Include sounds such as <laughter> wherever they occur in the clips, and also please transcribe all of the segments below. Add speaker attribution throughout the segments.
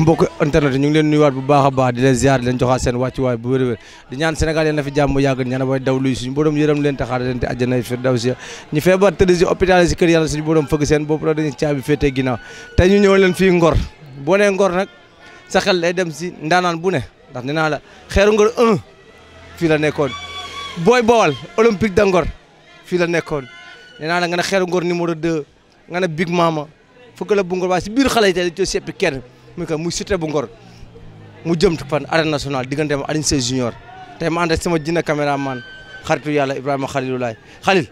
Speaker 1: mbokk internet ñu ngi leen nuyuwaat bu baax a baax di leen ziar di leen joxaat seen wàccuwaay bu wér-wér di ñaan Sénégal yéen na fi jàmm yàgg ñaan way daw luy suñu borom yërëm leen taxaar leen te àjjana firdawsi ñu feebar tëdd si si kër yàlla suñu borom fëgg seen bopp la dañu caabi féetee ñu ñëw leen fii ngor boo nee ngor nag sa xel day dem si ndaanaan bu ne ndax nee la xeeru ngor 1 fii nekkoon booy bowal olympique de ngor fii la nekkoon nee la nga ne xeeru ngor numéro 2 la bu ngor waaye si biir xale yi tey dañ coo seppi muy que muy Siteu bu Ngor mu jëm fan arène nationale diggante ma Alioune Sèye junior tey ma ànd ak sama jinne caméraman xaritu yàlla Ibrahima Khalilulaay Khalil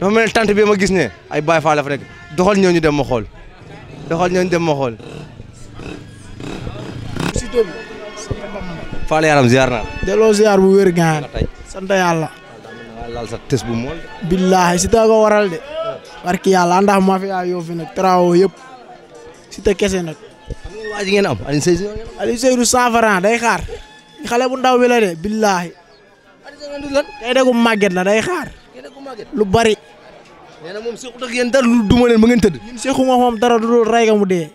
Speaker 1: dafa mel ne tante bi la fa nekk doxal ñooñu dem ma xool doxal ñooñu dem ma xool.
Speaker 2: Fall yaram ziar naa la. delloo ziar bu wér gaan sant yàlla. laal sa billaahi si te de. barki yàlla ndax mafia yoo fi nag trawo yëpp si te kese nag. xam ngeen waa ji ngeen am Alioune day xaar xale bu ndaw bi la de billaahi. kay déggu màgget la day xaar. lu bari. nee na moom sequt leen ba ngeen tëdd. ñun sequ nga moom dara du dul rey nga mu dee.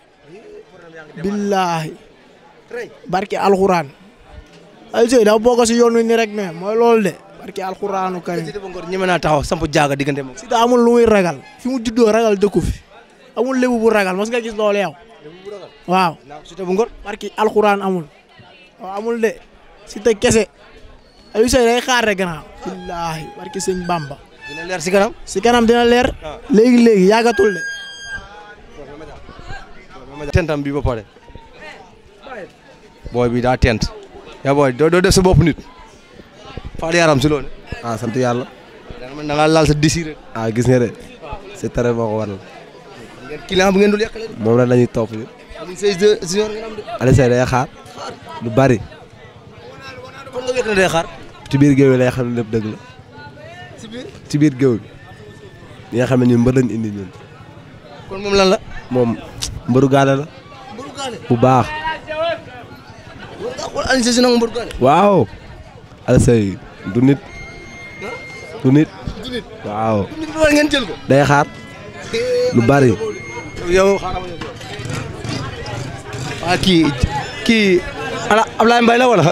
Speaker 2: billaahi. barke alxuraan. Alioune Seydou dafa bokk si yoon wi nii rek mais mooy loolu de. barke alxuraanu karim.
Speaker 1: naa taxaw samp jaaga diggante moom.
Speaker 2: si da amul lu muy ragal. fi mu juddoo ragal dëkku fi. amul lébu bu ragal mos nga gis loolu yow. waaw. Siteu bu ngor. barki alxuraan amul. waaw amul de. Siteu kese. Aliou Seye day xaar rek gannaaw. billaahi barki sëñ Bamba. dina leer si kanam. si kanam dina leer. Ah. léegi léegi yàggatul de.
Speaker 1: tentam bi ba pare. booy bi daa tent. yaa booy doo def sa bopp nit. Fane yaram si loolu. ah sant yàlla. da nga laal sa désir. ah gis nga de c'est très bon waral. a bu ngeen dul yàqale moom la dañuy topp ñu. Alioune Seye de junior day xaar bu bari. kon nga day xaar. ci biir géew dëgg la. ci biir ci biir géew bi. li nga xam ne ñun mbër lañ indi ñun. moom lan la. moom mbëru gaale la. bu baax. waaw Alioune Seye si nangu waaw. day xaar. lu bari. yow ah, kii kii ala Ablaye Mbaye la wala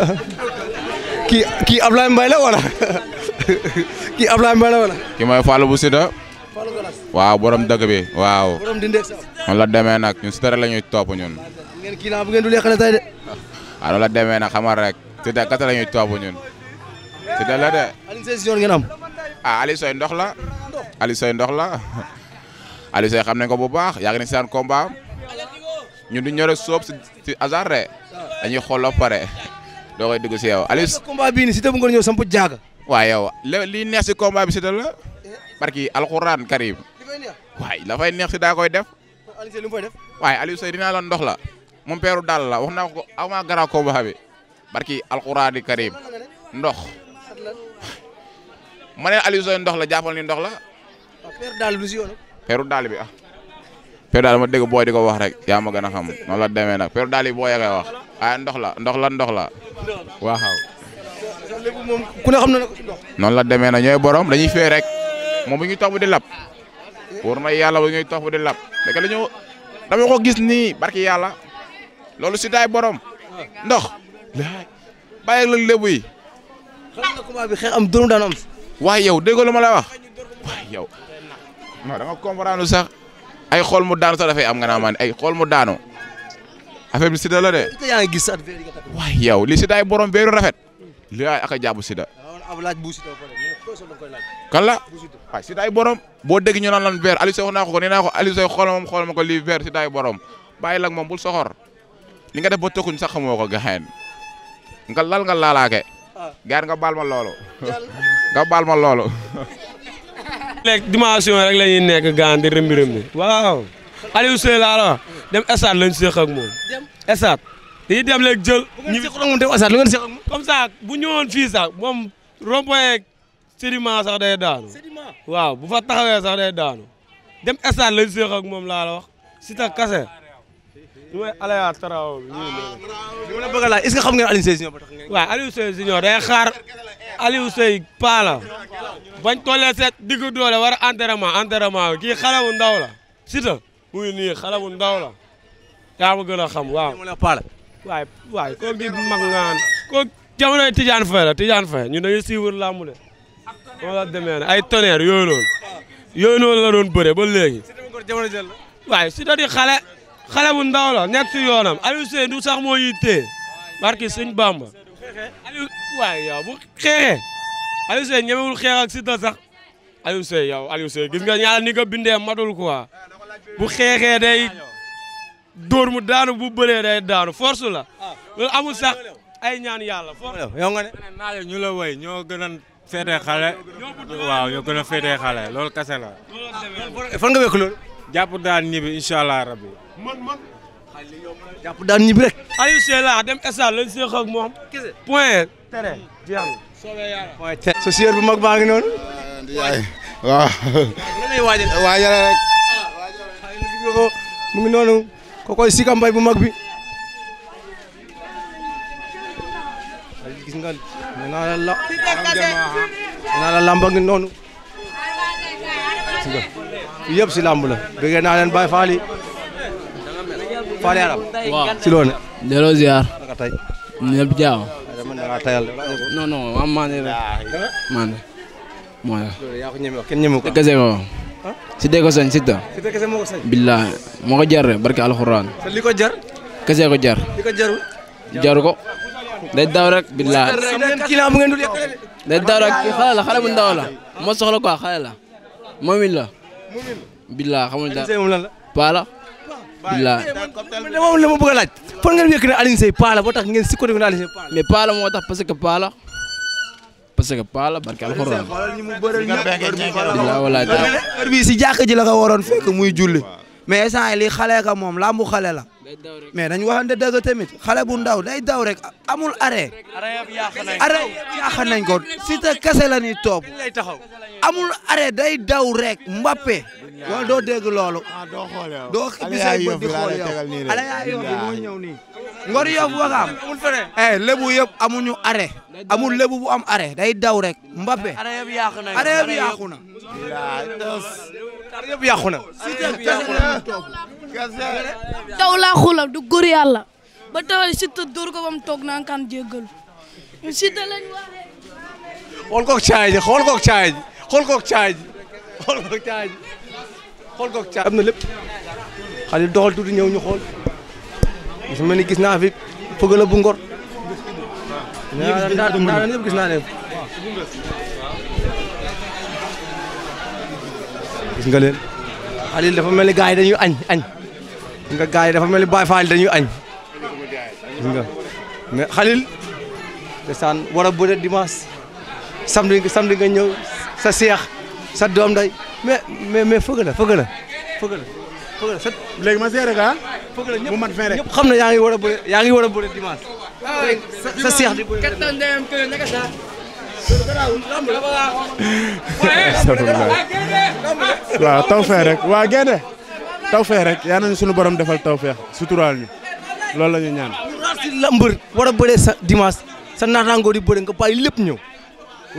Speaker 3: kii kii Ablaye Mbaye la wala <laughs> kii Ablaye Mbaye la wala. ki mooy Fallou bu Sida. waaw borom dëgg bi waaw. borom dindi la demee nag ñun si tere la ñuy topp ñun. ngeen kii naa bu ngeen du lekkale de. waaw ah, la demee nag xamal rek si tere kese la ñuy topp ñun. la de. Aliou Seye si ndox la. Aliou Seye ndox la. Aliou Seye xam nañ ko bu baax yàgg nañ seen combat ñun du ñore soob si si hasard rek dañuy xool ba pare doo koy dugg si yow. Aliou si combat
Speaker 1: bii nii Siteu bu nga ñëw samp jaaga.
Speaker 3: waaw yow li neex si combat bi Siteu la eh? barki alxuraan karim waay la neex si daa koy def. Aliou Seye li mu fay def. waaye Aliou Seye dinaa la ndox la moom daal la wax naa ko avant grand combat bi barki alxuraan ndox ma ne Aliou Seye ndox la jàppal ni ndox la. Ah, peru daal bi ah. peru daal ma dégg booy di ko wax rek yaa ma gën la demee nag peru daal yi booy koy wax ah ndox la ndox la ndox la waaw. xam na la demee nag ñooy borom dañuy fee rek moom bu ñuy topp di lab wóor na yàlla bu ñuy topp di lab dëgg la ñu dama ko gis nii barki yàlla loolu si daay borom ndox. bàyyi la lébu yi. xam nga am dërëm daan am. waaye yow dégg ma la wax waaye yow. non da nga comprendre sax ay xool mu daanu sax dafay am nga naa man ay xool mu daanu affaire bi sida la de. yaa ngi gis waay yow li sidaay borom beeru rafet. li waay ak a jàpp sida. kan la waay sidaay borom. boo dégg ñu naan lan beer Aliou Sow naa ko ko nee naa ko Aliou Sow xool moom xool ma ko lii beer sidaay borom bàyyi la moom bul soxor li nga def ba tokkuñ sax xamoo ko gaxeen nga lal nga laalaake. Ah. gaar nga baal ma loolu. nga baal ma loolu. <laughs> nekk
Speaker 4: dimension rek la ñuy nekk gaan di rëmbi rëmbi waaw Aliou Seye laa dem stade lañ séq ak moom stade dañuy dem léegi jël ñu séq ak moom dem stade lu ngeen séq ak moom comme ça bu ñëwoon fii sax moom rond-point sédiment sax day daanu waaw bu fa taxawee sax day daanu dem stade lañ séq ak moom laa la wax kase ñu may Alaya Taraw bi ñu ngi la bëgg a xam ngeen Aliou Seye Junior ba tax ngeen. waaw Aliou Seye Junior day xaar Aliou Seye paa la bañ tollee seet diggu doole war a entraînement entraînement kii xale bu ndaw la Siteu mu nii xale bu ndaw yaa ma gën a xam waaw. waay waay koo gi mag ngaan koo jamono Tidiane Faye la Tidiane Faye ñun dañuy suivre làmb de la demee ay tonnerre yooyu noonu la doon bëre ba léegi. waaye Siteu di xale. xale bu ndaw la nekk si yoonam Aliou Seye du sax moo ñuy téye barke sëñ Bamba Aliou waaye yow bu xeexee Aliou Seye ñemewul xeex ak Siteu sax Aliou Seye yow Aliou Seye gis nga ñaar ni ko bindee madul quoi bu xeexee day dóor mu daanu bu bëree day daanu force la loolu amul sax ay ñaan yàlla force yow ne ñu la woy ñoo gën a féetee xale waaw ñoo gën a féetee xale loolu kase la fan nga wekk loolu jàpp daan ñibbi incha rabbi man man. jàpp daan ñibbi rek. Aliou
Speaker 1: bu mag baa ngi noonu. yaay waaw. lan lay waajal
Speaker 5: waajal rek. noonu ko koy Sika
Speaker 1: Mbaye bu mag bi. gis nga naa la naa la la. bëggee naa leen Baye Fall yi Fally
Speaker 4: si loolu.
Speaker 2: delloo ziar. ñëpp jaaw.
Speaker 4: non non am maa ah,
Speaker 2: moo la. yaa ko ah? si dee ko sañ si ta. billaahi moo ko jar barke alxuraan. li ko jar. kese ko jar. li ko jarul. jaru ko. day daw rek billaahi.
Speaker 6: day daw rek xale la xale
Speaker 2: bu ndaw la. moo soxla quoi xale la. la. moomin la. billaahi xamul dara paala. bilaay moom la ma bëgg a laaj fan ngeen yëkk ne Alioune Seye Paa la boo tax ngeen sikko def ne Alioune Seye Paa mais Paa la moo tax parce que Paa la parce barke alxuraan walaay heure bi si jàkk muy julli mais instant yi li moom lambu xale la
Speaker 1: mais dañ waxante dëgg tamit xale bu ndaw day daw rek amul arrêt. arrêt yàq nañ ko Siteu kese la ñuy topp amul arrêt day daw rek
Speaker 2: Mbappé loolu doo dégg loolu.
Speaker 5: Ah, doo bisay bët xool yow ala yaa yow ñëw nii. Ngor Yoff Wakaam
Speaker 2: eh lébu yëpp amuñu arrêt amul lébu bu am arrêt day daw rek Mbappé
Speaker 4: arrêt yëpp yàqu
Speaker 2: ar yëpp yàqu na. taw laa xula du góor yàlla.
Speaker 7: ba tawal Siteu dóor ko ba mu toog naan kan jéggalu. Siteu lañ waxee.
Speaker 1: xool koog caay ji xool koog caay ji xool koog caay ji xool koog caay ji xool koog caay am na lépp. xale doxal tuuti ñëw ñu xool. su ma ni gis naa fi fëgg la bu ngor. ñëpp gis naa leen gis dafa mel ni gars yi dañuy añ añ nga gars yi dafa mel ni Baay Faal dañuy añ gis nga mais Xalil desaan war a bëre dimanche samedi samedi nga ñëw sa seex sa doom day mais mais mais fëgg la fëgg la fëgg
Speaker 8: la fëgg
Speaker 2: la ma seere ka fëgg la ñëpp mu mat fin rek ñëpp xam na yaa ngi war a yaa ngi war a bëre ah
Speaker 1: sa seex di
Speaker 9: waaw tawfeex rek waa Guédé tawfeex rek yaa nañu sunu borom defal tawfeex suturaal ñu loolu la ñu ñaan. raasi lambër war a bëree sa dimanche sa naataangoo di bëri nga bàyyi lépp ñëw.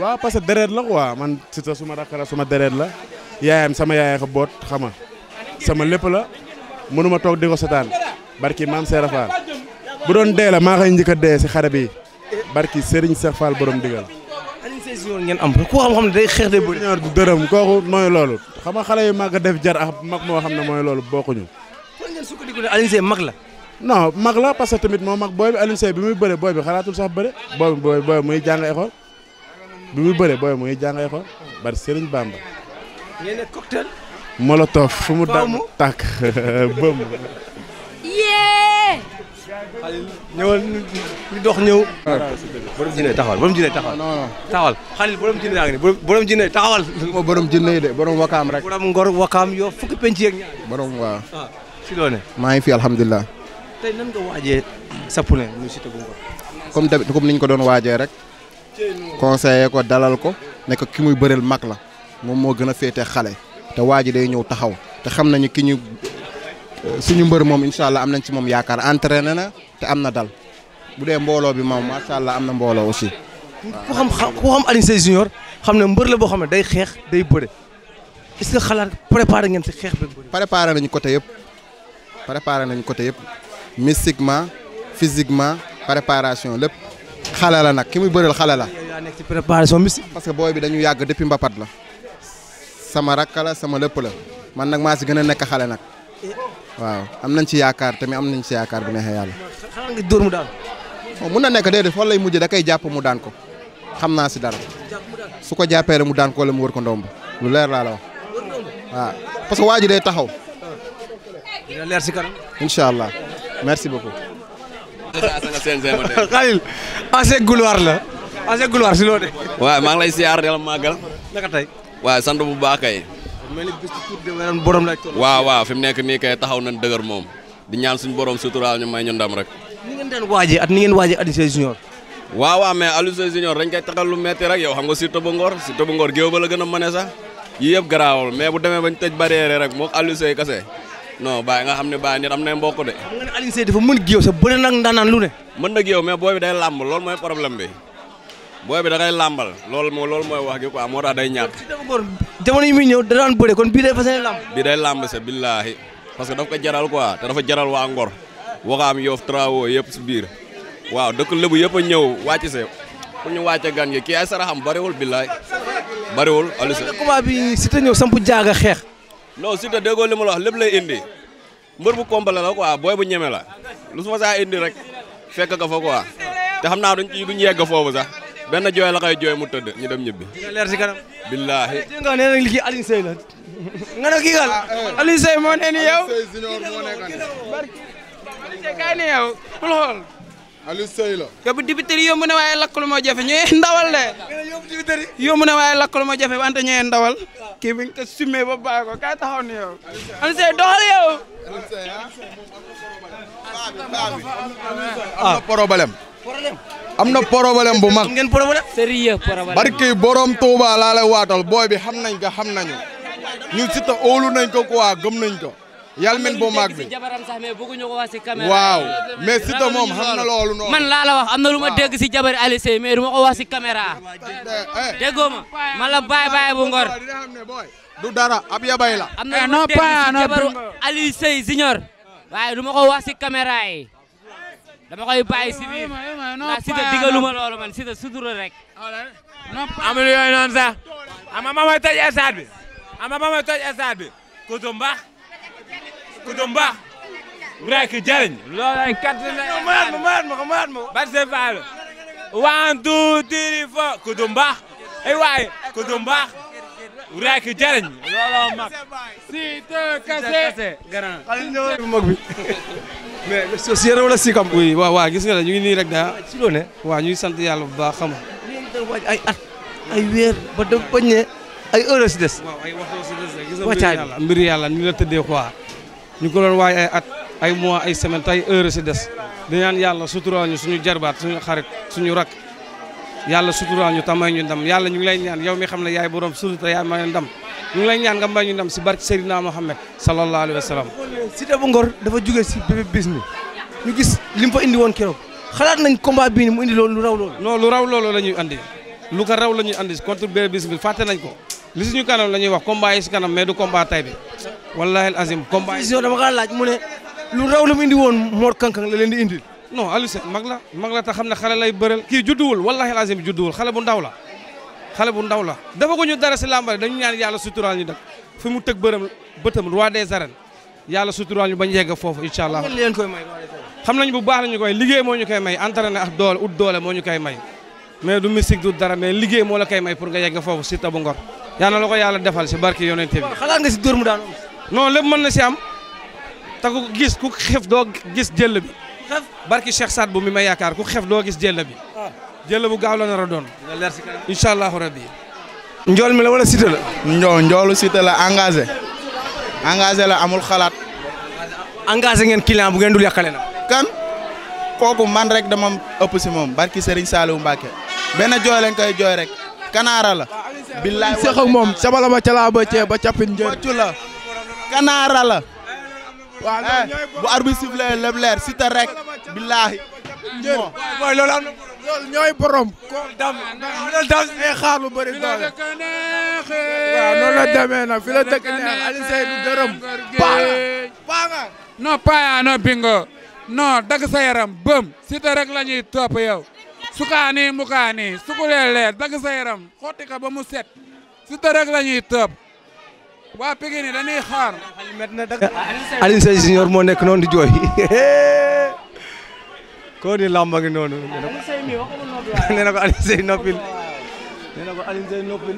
Speaker 9: waaw parce que deret la waa man Siteu suma rakk la suma deret la yaayam sama yaay xa boot xama sama lépp la mënuma toog di ko setaan barki maam Seera Fall bu doon dee la maa koy njëkk dee si xare bi barki Serigne Cheikh Fall borom digal.
Speaker 1: décision ngeen am ku
Speaker 9: xam-xam ne day xeex de bëri. ñor du dërëm kooku mooy loolu xam nga xale yu màgg def jar ak mag moo xam ne mooy loolu bokkuñu.
Speaker 1: kon ngeen sukkandiku ne Alioune Seye
Speaker 9: mag la. mag la parce que tamit moo mag booy bi Alioune bi muy bëre booy bi xalaatul sax bëre booy booy booy muy jàng école bi muy bëre booy muy jàng école bari Serigne Bamba.
Speaker 1: ngeen ne cocktail.
Speaker 9: molotov fu mu daan tàkk <laughs> ñëwal
Speaker 1: ñu dox ñëw.
Speaker 9: borom jinne taxawal borom
Speaker 1: jinne taxawal. non non taxawal xalil borom jinne taxawal. borom jinne yi de borom wakaam rek.
Speaker 5: borom ngor wakaam yoo fukki penc yeeg ñaar. borom maa ngi fi alhamdulilah. tey nan nga waajee sa poulain muy Siteu bu Ngor. comme d'habitude comme niñ ko doon waajee rek. conseiller ko dalal ko ne ko ki muy bëreel mag la moom moo gën a féetee xale. te waaj day ñëw taxaw te xam nañu ki ñu suñu mbër moom incha allah am nañ ci moom yaakaar entraîné na te am na dal bu dee mbooloo bi moom macha allah am na mbooloo aussi. ku xam ku xam Alioune Seye junior xam ne mbër la boo xam ne day xeex day bëre est que xalaat préparé ngeen si xeex beeg bëre. préparé nañu côté yëpp préparé nañu côté yëpp mystiquement physiquement préparation lépp xale la nag ki muy bëreel xale la. yaa nekk ci préparation mystique. parce que booy bi dañu yàgg depuis mbapat la sama rakk la sama lëpp la man nag maa si gën a nekk xale nag. waaw am nañ ci yaakaar tamit am nañ si yaakaar bu neexee yàlla.
Speaker 10: xanaa
Speaker 1: mu
Speaker 5: daan. Oh, mun na nekk déedéet fan lay mujj da koy jàpp mu daan ko xam naa si dara su ko jàppee rek mu daan ko wala mu wër ko ndomb lu leer laa la wax waaw parce que waa ji day taxaw.
Speaker 1: dina leer si kanam.
Speaker 5: allah merci beaucoup.
Speaker 6: <laughs>
Speaker 1: Khalil ancien gloire la ancien gloire si loo de.
Speaker 6: waaw maa ngi lay siyaar di la màggal. naka tey. waaw sant bu baax
Speaker 1: mel ni bis tuut de weeram
Speaker 6: borom laaj toll. waaw waaw fi mu nekk nii kay taxaw nañ dëgër moom di ñaan suñu borom suturaal may ñu ndam rek.
Speaker 1: ni at ni ngeen waajee Alioune Sèye Junior.
Speaker 6: waaw waaw mais Alioune Sèye Junior dañ koy taxal lu metti rek yow xam nga Siteu bu Ngor Siteu géew ba la gën a mane sax yii yëpp garaawul mais bu demee bañ tëj barrière rek moog Alioune Sèye kase non bàyyi nga xam ne bàyyi nit am na mbokk de. xam nga
Speaker 1: ne Alioune Sèye dafa mën géew sa bëre nag ndaanaan lu ne.
Speaker 6: mën na géew mais booy bi booy bi da koy làmbal loolu moo lool mooy wax gi quoi moo tax day ñàkk.
Speaker 1: jamono yi muy ñëw da daan kon bii day fas yéene làmb.
Speaker 6: bii day làmb sa billaahi parce que daf ko jaral quoi te dafa jaral waa Ngor waxaam yoof travaux yëpp si biir waaw dëkk lébu yëpp ñëw wàcc se ku ñu wàcce gan gi kii ay saraxam bariwul billaay bariwul alu sa
Speaker 1: combat bi Siteu ñëw samp jaaga
Speaker 6: xeex non Siteu déggoo li ma lay indi mbër bu complet la quoi booy bu ñeme la lu su fa saa rek fekk ka fa te xam naa duñ duñ yegg foofu sax benn jooy la koy jooy mu tëdd ñu dem ñibbi. dina leer si kanam. billaahi. dégg
Speaker 5: nga
Speaker 1: nee na li kii Alioune Seye la.
Speaker 7: nga ne kii la ah, eh. Alioune Seye moo ne ni yow. Alioune Seye junior moo na waaye lakk lu moo jafe ñëwee ndawal na waaye lakk lu wante ñëwee ndawal. kii bi nga ko sumee ba bàyyi ko kay taxaw
Speaker 5: ni am na problème bu mag ngeen problème
Speaker 11: sérieux problème barke
Speaker 5: borom Touba laa lay waatal booy bi xam nañ ko xam nañu ñun si ta óolu nañ ko quoi gëm nañ ko yàlla mel boo mag waaw mais si ta moom
Speaker 8: xam loolu noonu man laa la wax am na lu ma dégg si jabar Aliou Seye mais du ma ko wax si eh,
Speaker 4: eh.
Speaker 8: ma la baay baay bu ngor du dara ab la am na lu ma eh, dégg si jabaru Aliou Seye waaye du ma ko wax dama koy bàyyi si biir ndax si te digaluma loolu man si te sutura rek. amul yooyu
Speaker 4: noonu sax ama ma may toj stade bi ama ma may toj stade bi kutu mbax kutu mbax rek jëriñ. loolu ay quatre vingt maat ma maat ma ko maat ma ko. Barse Fall. one two three four kutu mbax ay eh waay kutu mbax rek jëriñ. looloo mag. si te kase. bi. <laughs> mais
Speaker 7: si yéen wala si kam oui waaw waaw gis nga ne ñu ngi nii rek daa si loo ñuy sant yàlla bu baax xam nga ay at ay weer ba dem bañ ne ay heure si des waaw ay waxtu si des mbir yàlla ni la tëddee quoi ñu ko doon waaj ay at ay mois ay semaine tey heure si des di ñaan yàlla su ñu suñu jarbaat suñu xarit suñu rak yàlla suturaal ñu tam may ñu ndam yàlla ñu ngi lay ñaan yow mi xam ne yaay borom sutura yaay may ndam ñu ngi lay ñaan nga may ñu ndam si barke Seydina Mohamed sallallahu alayhi wa sallam.
Speaker 1: Siteu Ngor dafa jóge si Bébé ñu gis li mu fa indi woon keroog xalaat nañ combat bii ni mu indi loolu lu raw loolu.
Speaker 7: non lu raw loolu la ñuy andi lu ko raw la ñuy andi contre Bébé Bismi fàtte nañ ko li suñu kanam la ñuy wax combat si kanam mais du combat tay bi wallahi al azim combat dama kaa laaj mu ne lu raw la la leen di indil non Aliou Sène mag la mag la te xam ne xale lay bëreel kii judduwul wallahi lazim judduwul xale bu ndaw la xale bu ndaw la dafa ko ñu dara si làmbare dañu ñaan yàlla suturaal ñu nag fi mu tëg bërëm bëtam roi des arènes yàlla suturaal ñu bañ yegg foofu incha allah xam nañ bu baax la ñu koy liggéey moo ñu koy may entraîné ak doole ut doole moo ñu koy may mais du mystique du dara mais liggéey moo la koy may pour nga yegg foofu si tabu ngor yaa na la ko yàlla defal si barki yonente bi bi xef barki Cheikh Saad bu mi ma yaakaar ku xef doo gis jëlla bi ah. jëlla bu gaaw la nar a doon incha allahu rabbi
Speaker 5: njool mi la wala cité la njoo njoolu cité la engagé engagé la amul xalaat engagé ngeen client bu ngeen dul yàqale na kan kooku man rek dama ëpp si moom barki Serigne Saliou Mbacke benn jooy lañ koy jooy rek kanaara la billaay seex moom sabala ma calaa ba cee ba la kanaara la Eh, bu arbitre sifflé lépp leer Siteu rek billaahi jërëjëf
Speaker 3: bingo.
Speaker 12: non dagg yaram bëm. Siteu rek la ñuy topp sukaani mukaani sukulee
Speaker 3: leer dagg sa yaram xotti ko ba mu set. Siteu rek la ñuy waa Pikine dañuy xaar.
Speaker 1: Alioune Seye moo nekk noonu di jooy. koo ni ngi noonu.
Speaker 4: <laughs> nee ko Alioune Seye noppil. nee
Speaker 1: ko Alioune Seye noppil.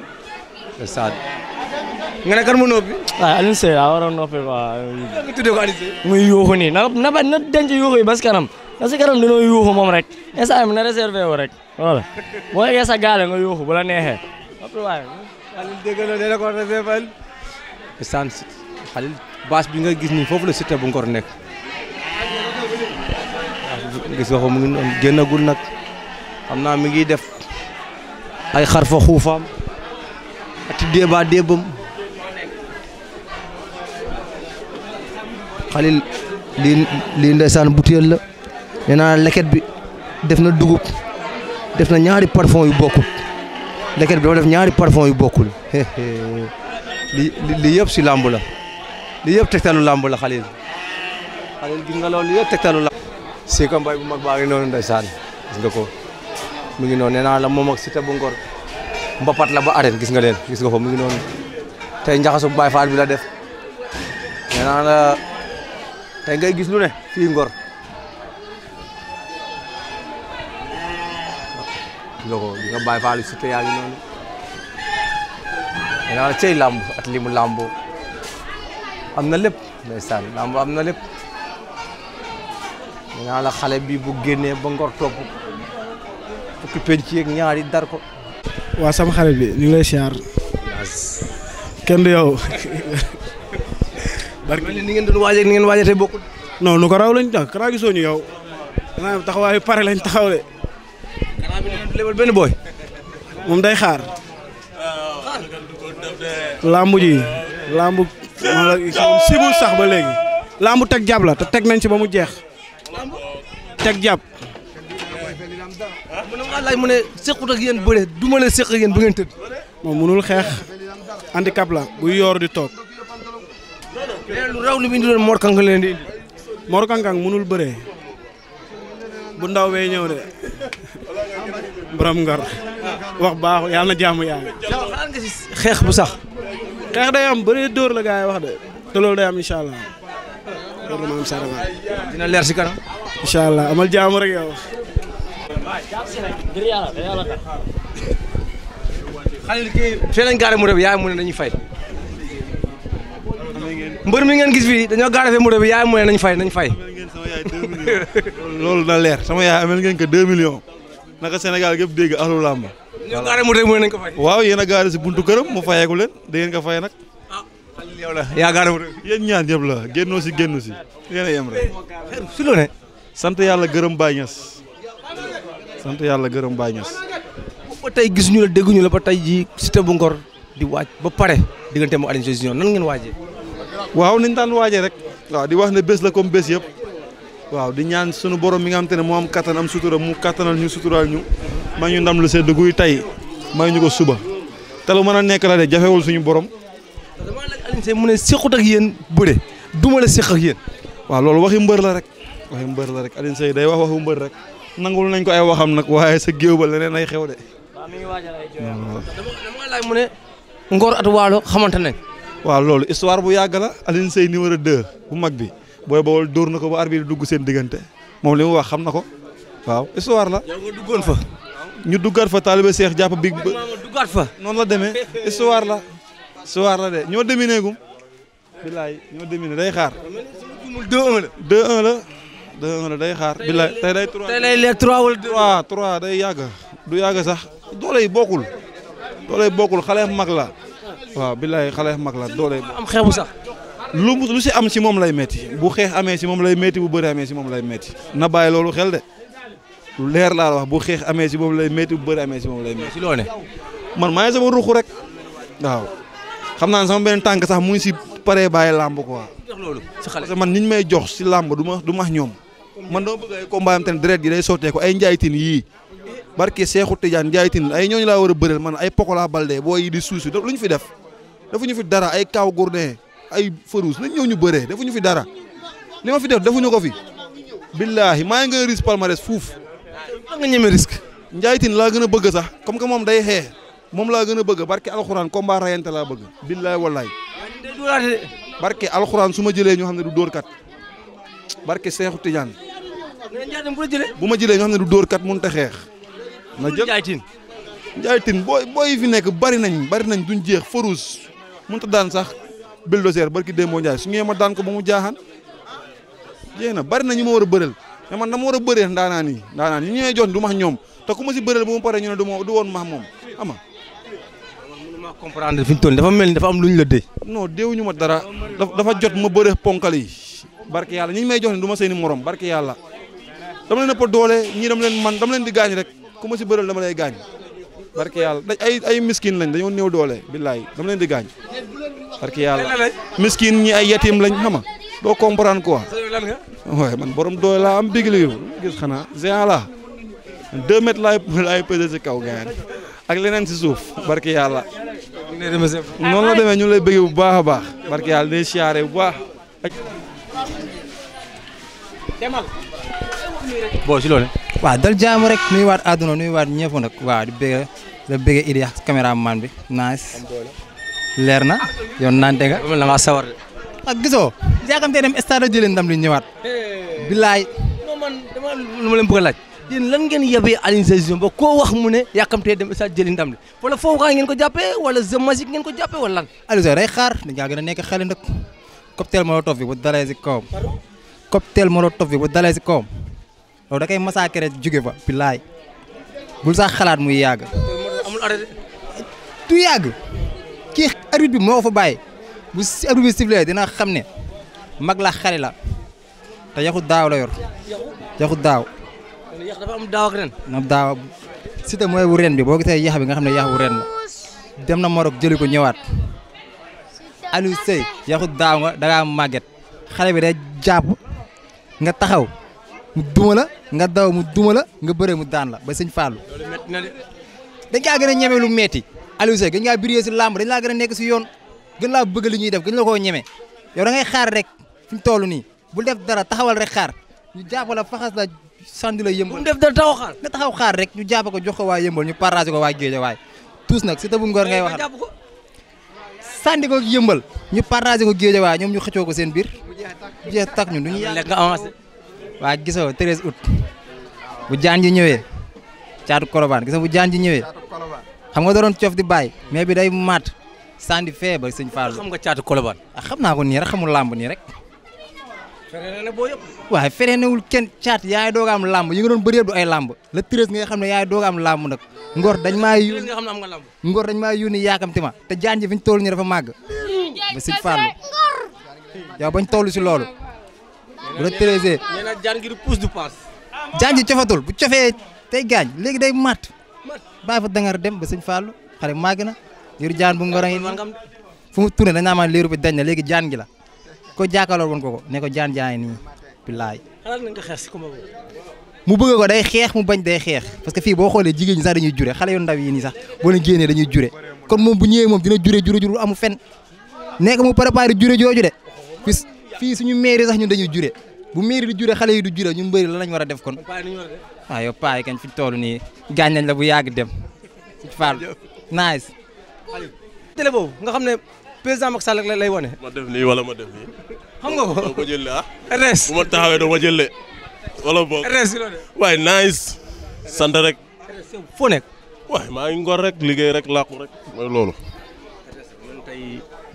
Speaker 4: nga ne kan mu noppi.
Speaker 2: waaw Alioune Seye daa war a noppi nga
Speaker 1: tuddee
Speaker 2: na na na denc yuuxu yi bas kanam. parce que kanam dañoo yuuxu moom
Speaker 9: rek instant bi na réservé wu rek boo yeggee sa gaale nga yuuxu bu la
Speaker 1: saan bi nga gis ni foofu la Siteu bu Ngor nekk gis nga ko ngi noonu génnagul nag xam na mi ngi def ay xarfa xuufaam ati déebaa déebam xalil lii lii ndeysaan butéel la nee naa leket bi def na dugub def na ñaari parfum yu bokkul leket bi dafa def ñaari parfum yu bokkul <laughs> li li yëpp si làmb la li yëpp tegtalu làmb la xalil xalil gis nga loolu li yëpp tegtalu làmb si ko mbay bu mag baa ngi noonu ndeysaan gis nga ko mu ngi noonu nee naa la moom ak Siteu bu Ngor mbapat la ba arène gis nga leen gis nga ko mu ngi noonu tey njaxasu Baay Faal bi la def nee naa la tey ngay gis lu ne fii Ngor gis nga ko gis Baay Faal Siteu yaa ngi noonu nee naa la cey làmb at li mu làmb am na lépp ndeysaan làmb am na lépp nee naa la xale bi bu génnee ba ngor topp fukki ci yeeg ñaari dar ko.
Speaker 2: xale bi ñu ngi lay siyaar. kenn du yow. barke ni ngeen doon waajee ni ngeen waajee tey bokkul. non nu ko raw lañ tax karaa gisoo ñu yow. maanaam taxawaayu pare lañ taxaw de. karaa bi benn booy. moom day xaar. lamb ji lamb maa sibul sax ba léegi lamb teg jàpp la te teg nañ ci ba mu jeex teg jàpp. mën mu ne sequt ak yéen bëre du ma leen ak yéen bu ngeen tëdd. moom mënul xeex handicap la buy yoor di toog. mais lu raw li mu indi doon Mor mënul bëree bu ndaw bee ñëw de borom ngar. wax baaxu yàlla na jàmm yaa ngi. xanaa nga si xeex bu sax. xeex day am bëri dóor la gars yi wax de te loolu day am incha allah loolu dama am sarama dina leer si kanam. incha allah amal jàmm rek yow. Xalil kii fii lañ gaare moto bi yaay mu ne nañu fay.
Speaker 8: mbër mi ngeen gis fii dañoo gaare fee moto bi yaay mu ne nañu fay nañu fay. <laughs> loolu na leer sama yaay amel ngeen ko 2 millions. naka Sénégal gépp dégg ahlu làmb waaw yéen a gaare si buntu këram mu fayeeku leen da ngeen ko fay nag ah, yow la yaa gaare mu yéen ñaan ñëpp la génnoo si génnu si yéen a yem rek si ne sant yàlla gërëm Baye Niass sant yàlla gërëm Baye Niass
Speaker 1: ba tey gis ñu la dégguñu la ba tey ji Siteu bu Ngor di waaj ba pare diggante mu Alioune Sèye Junior nan ngeen waaje
Speaker 8: waaw niñ daan waaje rek waaw di wax ne bés la comme bés yëpp waaw di ñaan suñu borom mi nga xam te ne moo am kattan am sutura mu kattanal ñu suturaal ñu may ñu ndam lu sedd guy tey may ñu ko suba te lu mën a nekk la de jafewul suñu borom. damaa nag Alioune Seye mu ne yéen bëre duma seq yéen. waaw loolu waxi mbër la rek waxi mbër la rek Alioune Seye day wax waxu mbër rek nangul nañ ko ay waxam nag waaye sa géew ba leneen ay xew de. waaw mi ngi mu ne. Ngor at Waalo xamante nañ. waaw loolu histoire bu yàgg la Alioune Seye numéro 2 bu mag bi. booy bawol dóor na ko ba arbitre dugg seen diggante moom li mu wax xam na ko waaw histoire la. yow nga duggoon fa. ñu duggaat fa taalibe seex jàpp bi. duggaat fa. noonu la demee histoire la. histoire la de ñoo dominé gum. bilaay ñoo dominé day xaar. 2-1 la. day xaar. bilaay tey day lay lekk 3 wala 3 day yàgg. du yàgg sax doole yi bokkul. doole bokkul xale mag la. waaw bilaay xale mag la doole yi. am xeebu sax. lu lu si am si moom lay metti bu xeex amee si moom lay metti bu amee si moom lay metti na bàyyi loolu xel de lu leer laa wax bu xeex amee si moom lay metti bu bëri amee si moom lay metti si loo man maa ngi sama ruq rek waaw xam naa ne sama benn tànk sax mu ngi si paree bàyyi làmb quoi. loolu si xale parce man niñ may jox si làmb du ma du ma ñoom. man dama bëgg ay combat deret gi day sottee ko ay njaaytin yii barke Seexu Tijaan njaaytin ay ñooñu laa war a bëreel man ay Pokola Balde boo yi di suusu lu ñu fi def dafa ñu fi dara ay kaw gourné ay farouus nañ ñëw ñu bëree defu ñu fi dara li ma fi def defuñu ko fi billaahi maa ngi risque palmarès fuuf. da nga ñeme risque. njaaytin laa gën a bëgg sax comme que moom day xee moom laa gën a bëgg barke alxuraan combat rayante laa bëgg. billaahi wallaahi. barke alxuraan su ma jëlee ñoo xam ne du dóor kat barke Seexu Tijaan. bu ma jëlee ñoo xam ne du dóor kat mënut te xeex. na jël njaaytin. njaaytin booy booy fi nekk bari nañ bari nañ duñ jeex farouus mënut a daan sax. bulldozer barki Demba Ndiaye su ñëwee ma daan ko ba mu jaaxaan jéem na bari nañu ñu ma war a bëreel mais man dama war a bëreel ndaanaan yi ndaanaan yi ñu ñëwee du max ñoom te si bëreel ba mu paree ñu ne ma du woon max moom ama mënuma comprendre fi ñu toll dafa mel ni dafa am lu ñu la dee. non deewuñu ma dara dafa jot ma bëre ponkal yi barki yàlla ñu may jox ne du ma seeni morom barki yàlla dama leen ëpp doole ñii dama leen man dama leen di gaañ rek ku ma si bëreel dama lay gaañ barki yàlla ay ay miskin lañ dañoo néew doole billaay dama leen di gaañ parce miskin ñi ay yatim lañ xama doo comprendre quoi waaye man borom doole laa am bigli yow gis xanaa géant laa deux mètres laay laay si kaw gaan ak leneen si suuf barki noonu la demee ñu lay bëgg baax a baax barki
Speaker 10: yàlla day bu baax boo si loolu waaw dal jaamu rek nuy waat àdduna nuy waat ñëpp nag waaw di bëgg da bëgg Idy ak caméraman bi nice leer na yow nante nga. la ngaa sawar de. ak gisoo. tee dem stade jëlee ndam li ñëwaat. bilaay.
Speaker 1: non man dama lu ma leen bëgg laaj. yéen lan ngeen yabe Alioune Seye Junior ba koo wax mu ne yaakamtee dem stade jëlee
Speaker 10: ndam li wala foofu xaar ngeen ko jàppee wala jeu magique ngeen ko jàppee wala lan. Alioune Seye day xaar dañu kaa gën a nekk xel ndëkk. cocktail molotov bi bu dalee si kawam. cocktail molotov bi bu dalee si kawam. loolu da koy massacrer jóge fa. bilaay bul sax xalaat muy yàgg. amul arrêté. yàgg. kii arbitre bi moo ko fa bàyyi bu arbitre bi sifflee dina xam ne mag la xale la te yaxu daaw la yor yaxu daaw. yax am daaw ak daaw si mooy wu ren bi boo gisee yax bi nga xam ne yax wu ren la dem na Maroc jëli ko ñëwaat Aliou Seye yaxu daaw nga da ngaa màgget xale bi day jàpp nga taxaw mu duma nga daw mu duma la nga bëree mu daan la ba sëñ Fallou. loolu na ñeme lu métti. Aliou Seye gën ngaa biree si làmb dañ laa gën a nekk si yoon gën laa bëgg li ñuy def gën la koo ñeme yow da ngay xaar rek fi ñu toll nii bul def dara taxawal rek xaar ñu jàpp la faxas la sandi la yëmbal. bu def dara taxaw xaar nga taxaw xaar rek ñu jàpp ko jox ko waa yëmbal ñu partage ko waa géej waay tous nag si tabu ngor ngay wax sandi ko yëmbal ñu partage ko géej waay ñoom ñu xëccoo ko seen biir bu jeex tak ñun duñu lekk nga avancé waa gisoo 13 août bu jaan ji ñëwee caatu Colobane gisoo bu jaan ji ñëwee xam nga da doon cof di bàyyi mais bi day maat sandi fee ba sëñ Fallou. xam nga caatu Colobane. ah xam naa ko nii rek xamul làmb nii rek.
Speaker 1: feree na boo yëpp.
Speaker 10: waaye newul kenn caat yaay doog am làmb yi nga doon bëree ay làmb la treize nga xam ne yaay doog am làmb nag. ngor dañ maa yu nga xam ne am nga làmb. ngor dañ maa yónni yaakamti ma te jaan ji fi ñu toll nii dafa màgg. ba sëñ Fallou yow bañ toll si loolu. bu la treize.
Speaker 1: nee na jaan gi du
Speaker 10: ji cofatul bu cofee tey gaañ léegi day maat bàyyi fa dangar dem ba sëñ Fallou xale màgg na jaan bu ngor a fu mu tourné dañ naa maa bi dañ na léegi jaan gi la ko jàkkaarloo woon ko ko ne ko jaan jaan nii billaay mu bëgg ko day xeex mu bañ day xeex parce que fii boo xoolee jigéen ñi sax dañuy jure xale yu ndaw yi nii sax boo leen génnee dañuy jure kon moom bu ñëwee moom dina jure jure jure jure jooju de suñu mairie sax ñun dañuy jure bu mairie du jur xale yi du jure ñun mbëri la lañ war a def kon. waaw yow paa yi kañ fi toolu nii gaañ nañ la bu yàgg dem. ci faal nice. télé boobu nga xam ne président Macky Sall lay wane. ma def
Speaker 13: nii wala ma def nii. xam nga ko doo ma jël ah. ma taxawee doo ma jël de. wala sant rek. foo nekk. waaye maa rek liggéey rek làqu rek mooy loolu. tey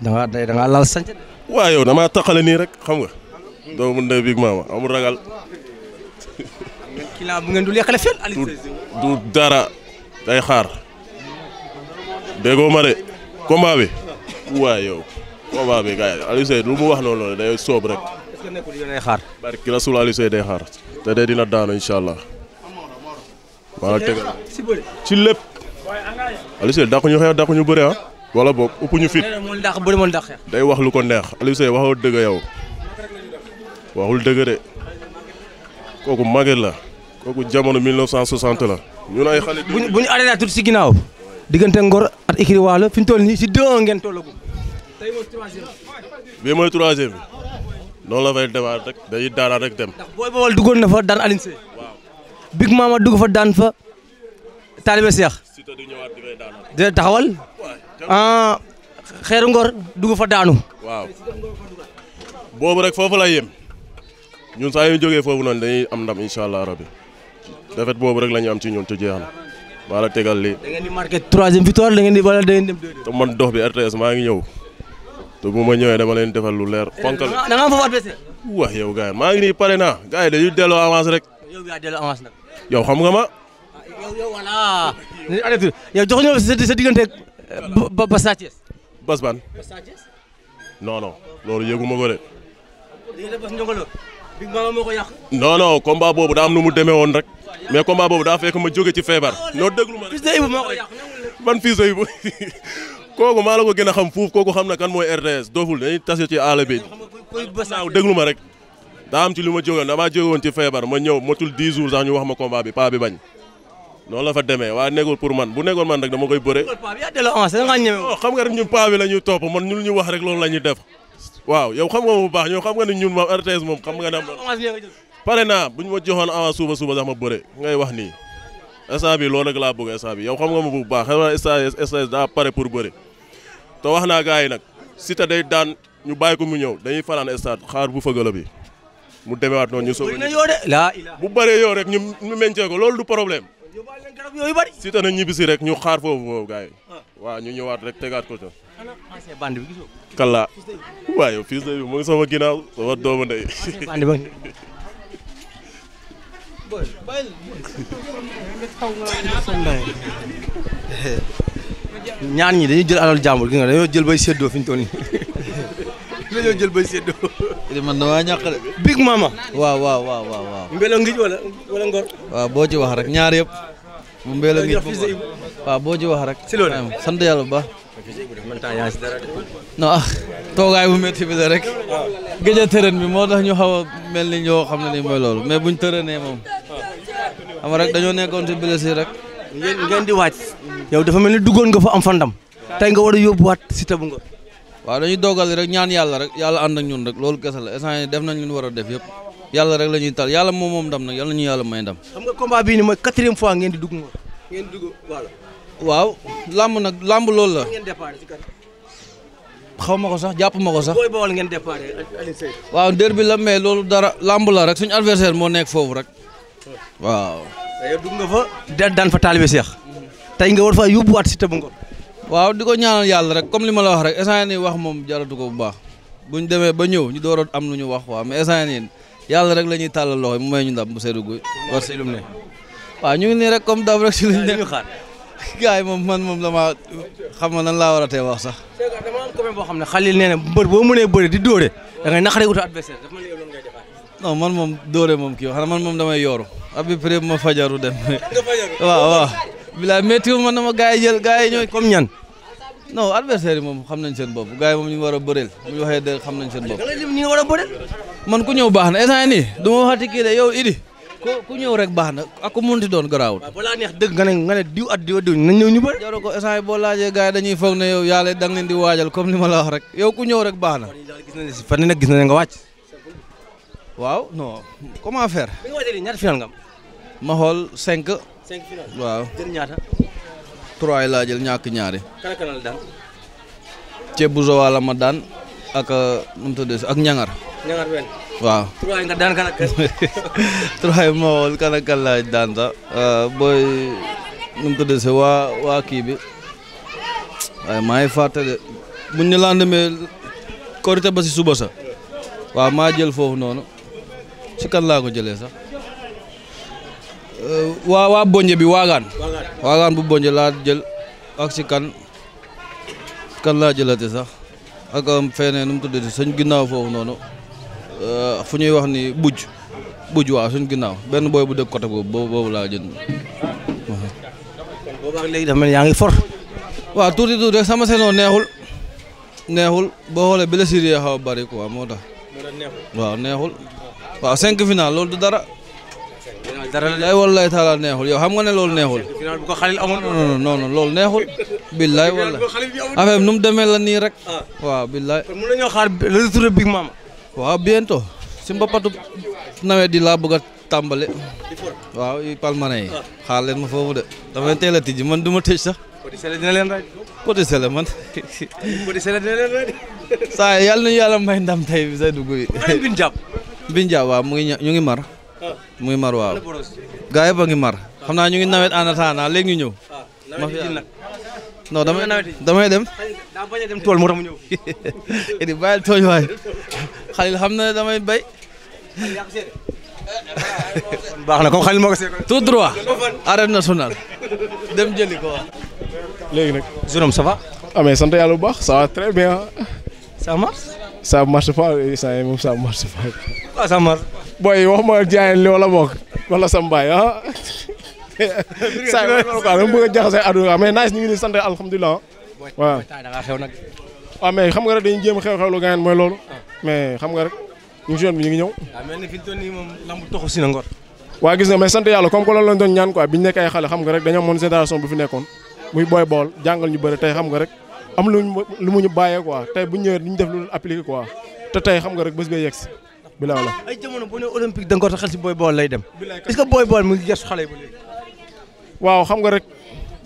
Speaker 13: da ngaa da ngaa laal sant. waaw yow nii rek xam nga. doomu ndey Big Mama amul ragal. du dara day xaar déggoo ma de combat bi waaye yow combat bi gars yi Aliou mu wax noonu la day soob rek. est-ce que day xaar te de dina daanu incha allah. maa ngi tegal ci lépp. Aliou Seye dàqu ñu xeex dàqu ñu bëre ah. wala boog ëpp ñu fit. day wax lu ko neex Aliou Seye waxoo dëgg yow. waxul dëgg kooku màgget la kooku jamono 1960 la.
Speaker 3: ñun ay xale bu ñu
Speaker 13: bu ñu arrêté si ginnaaw diggante Ngor ak Ikiri fi ñu toll nii si deux ngeen tollagum. tey mooy troisième. mooy troisième bi noonu la fay defaat rek day daaraat rek dem.
Speaker 1: ndax duggoon na fa daan Alioune Seye. waaw Big Mama dugg fa daan fa
Speaker 13: Taalibe Cheikh. surtout ñëwaat di fay taxawal. ah Ngor dugg fa daanu. waaw boobu rek foofu la yem. ñun saa yu jógee foofu noonu dañuy am ndam incha allah rabi defet boobu rek la am ci ñun te jeex na maa la tegal lii. da ngeen di marqué troisième victoire da ngeen di wala da ngeen dem te man dox bi RTS maa ngi ñëw te bu ñëwee dama leen defal lu leer. ponkal
Speaker 4: da nga am foofu
Speaker 13: maa ngi nii pare naa gars yi dañuy delloo avance rek.
Speaker 1: yow yaa delloo avance nag.
Speaker 13: yow xam nga ma. Ah, yow jox ñu sa sa diggante ba ba Sa Thiès. Ba Sa Thiès. non non loolu yëgu ma ko de.
Speaker 1: Big Mama moo ko yàq.
Speaker 13: boobu daa nu mu demee woon rek mais combat boobu daa fekk ma jóge ci feebar. noo déglu ma fils de man fils de Ibou <laughs> kooku maa la ko gën a xam fuuf kooku xam na kan mooy RTS doful dañuy tase ci àll bi. waaw déglu ma rek. daa am ci lu ma jóge woon damaa jóge woon ci feebar ma ñëw matul 10 jours sax ñu wax ma combat bi paa bi bañ. noonu la fa demee waaye nekkul pour man bu nekkoon man rek dama koy bëre. xam nga rek ñun paa bi la topp man ñun ñu wax rek loolu ñuy def waaw yow xam nga bu baax yow xam nga ni ñun moom RTS moom xam nga ne pare naa bu ñu ma joxoon avance suba suba sax ma bëre ngay wax nii instant bi loolu rek laa bëgg instant bi yow xam nga ma bu baax xam daa pare pour bëre te wax naa gars yi nag sita day daan ñu bàyyi ko mu ñëw dañuy fanaan stade xaar bu fëgala bi mu demewaat noonu ñu soog bu bëree yow rek ñu ñu meñcee ko loolu du problème Siteu na ñibbisi rek ñu xaar foofu foofu gars waaw ñu ñëwaat rek tegaat ko ca. ancien bande kalla waaye yow fils de bi mu ngi sama ginnaaw sama doomu ndey.
Speaker 1: ancien jël alal jàmbur gi nga dañoo jël bay séddoo fi ñu toll nii <laughs>
Speaker 14: dañoo jël bay séddoo. li man na waa ñàkk mama. waaw waaw waaw waaw. mbélo ngi wala wala ngor. waaw boo ci wax rek ñaar yëpp.
Speaker 1: waaw boo ji wax rek. si loolu sant yàlla bu baax. non ah
Speaker 14: toogaay bu métti bi la rek. géej a tërën bi moo tax ñu xaw mel ni ñoo xam ne ni mooy loolu mais buñ ne moom. xam rek dañoo nekkoon si blessé rek. ngeen ngeen di waaj.
Speaker 1: yow dafa mel ni duggoon nga fa am fan dam tey nga war a yóbbuwaat si tabu waa
Speaker 14: waaw dañuy dogal rek ñaan yàlla rek yàlla ànd ak ñun rek loolu kese la instant yii def nañ lu ñu war a def yëpp yàlla rek la ñuy tal yàlla moom moom ndam nag yàlla ñu yàlla may ndam. waaw làmb nag làmb loolu la. xaw ma ko sax jàpp ma ko sax. booy
Speaker 1: bool ngeen départ
Speaker 14: waaw ndër bi la mais loolu dara làmb la rek suñu adversaire moo nekk foofu rek waaw. yow dugg fa. déet daan fa taalibe Seex. tey nga war faa yóbbuwaat si tëb ngor. waaw di ko ñaanal yàlla rek comme li ma la wax rek instant nii wax moom jaratu ko bu baax buñ demee ba ñëw ñu door am lu ñu wax waaw mais instant nii yàlla rek la ñuy tàllal loxo mu may ñu ndam bu seddu guy. war si lu mu ne. waaw ñu ngi nii rek comme daaw ne gars yi moom man moom damaa xam nga nan laa war a tee wax sax.
Speaker 1: dama am commune boo
Speaker 14: xam ne Khalil nee na mbër boo mënee bëri di dóore da ngay naqaree ut adversaire dafa man moom dóore moom kii wax na man moom damay yooru ab bi pré ma fajaru dem. <laughs> waaw waaw. bilaay méttiwul man dama gars yi jël gars yi ñooy comme ñan. non adversaire yi moom xam nañ seen bopp gars yi moom ñu war a bëreel bu ñu waxee a man ku ñëw baax na instant yii nii de yow Idi ku ku ñëw rek baax na ak ku munti doon garaawul. waaw balaa neex dëgg nga ne nga ne diw at diw diw nañ ñëw ñu bëri. ko instant boo laajee gars yi dañuy foog ne yow yàlla da nga leen di waajal kom li ma la wax rek yow ku ñëw rek baax na. gis nañ nag gis nañ nga wàcc. waaw no comment faire. bi nga ma xool 5. 5 final waaw jël
Speaker 1: yi
Speaker 14: laa jël ñàkk ñaari. ceeb bu Joal la ma daan. ak eh, nu mu tudd ak ñangar.
Speaker 1: ñangar wen waaw. trois yi nga daan
Speaker 14: <laughs> laaj daan sax eh, booy nu mu tudd waa waa kii bi maa ngi fàttali mu ne lendemain korite ba si suba sa waaw maa jël foofu noonu si kan laa ko jëlee sax. Eh, waa waa bonje bi waagaan waagaan bu bonje laa jël ak si kan kan laa jëlate sax ak feneen nu mu tuddati suñ ginnaaw foofu noonu euh, fu ñuy wax ni buj buj waaw suñ ginnaaw benn booy bu dëkk côté boobu boobu laa jënd. boobaag léegi yaa ngi for. waaw tuuti tuuti rek sama saison neexul neexul boo xoolee blessure yi xaw a bari quoi moo tax. waaw neexul. waaw cinq final loolu du dara. dara la day wallay taala neexul yow xam nga ne loolu neexul. billaay wala affaire bi nu mu demee la nii rek. Ah. waaw billaay. la nañoo xaar le retour de Big Mama. waaw bientôt si mbapatu nawet di laa bëgg a tàmbale. waaw i palmarin yi. Ah. xaar leen ma foofu de. dama teel a tijji man du ma tëj sax. Potisele dina leen raaj. Potisele man. Potisele dina leen raaj. saa yàlla nañu yàlla may ndam tey bi say dugg bi. biñ jàpp. biñ waaw mu ngi ñu ngi mar. Ah. mu ngi mar waaw. gaa yëpp a ngi mar. xam naa ñu ngi nawet en attendant léegi ñu ñëw. non damay damay dem. daa bañ a dem tool moo tax mu ñëw. <laughs> Idi bàyyil tooñ waay Xalil xam na ne damay bay. <laughs> baax
Speaker 9: na comme Xalil moo ko seet. tout droit. arène nationale.
Speaker 14: dem jëli ko wax.
Speaker 9: léegi nag. Jérôme ça va. ah mais bu baax ça va très bien. ça marche. ça marche pas saa yi moom ça marche ah, wala bokk wala sa mbaay ah.
Speaker 5: saa yu quoi dama
Speaker 9: bëgg a jaxase àdduna mais nice ñu ngi ni sant alhamdulilah. waaw waaw mais xam nga rek dañuy jéem xew-xew lu gaañ mooy loolu. Ah. mais xam nga rek ñu
Speaker 1: ah, moom lamb toxu si na ngor.
Speaker 9: waaw gis nga mais sant yàlla comme nga rek dañoo moon génération bu fi nekkoon muy booy bool jàngal ñu bëri tey xam nga rek am lu lu mu ñu bàyyee quoi tey bu ñu ñëwee duñu def lu appliqué quoi te tey xam nga rek bés bee yegsi. bilaa la waaw xam nga rek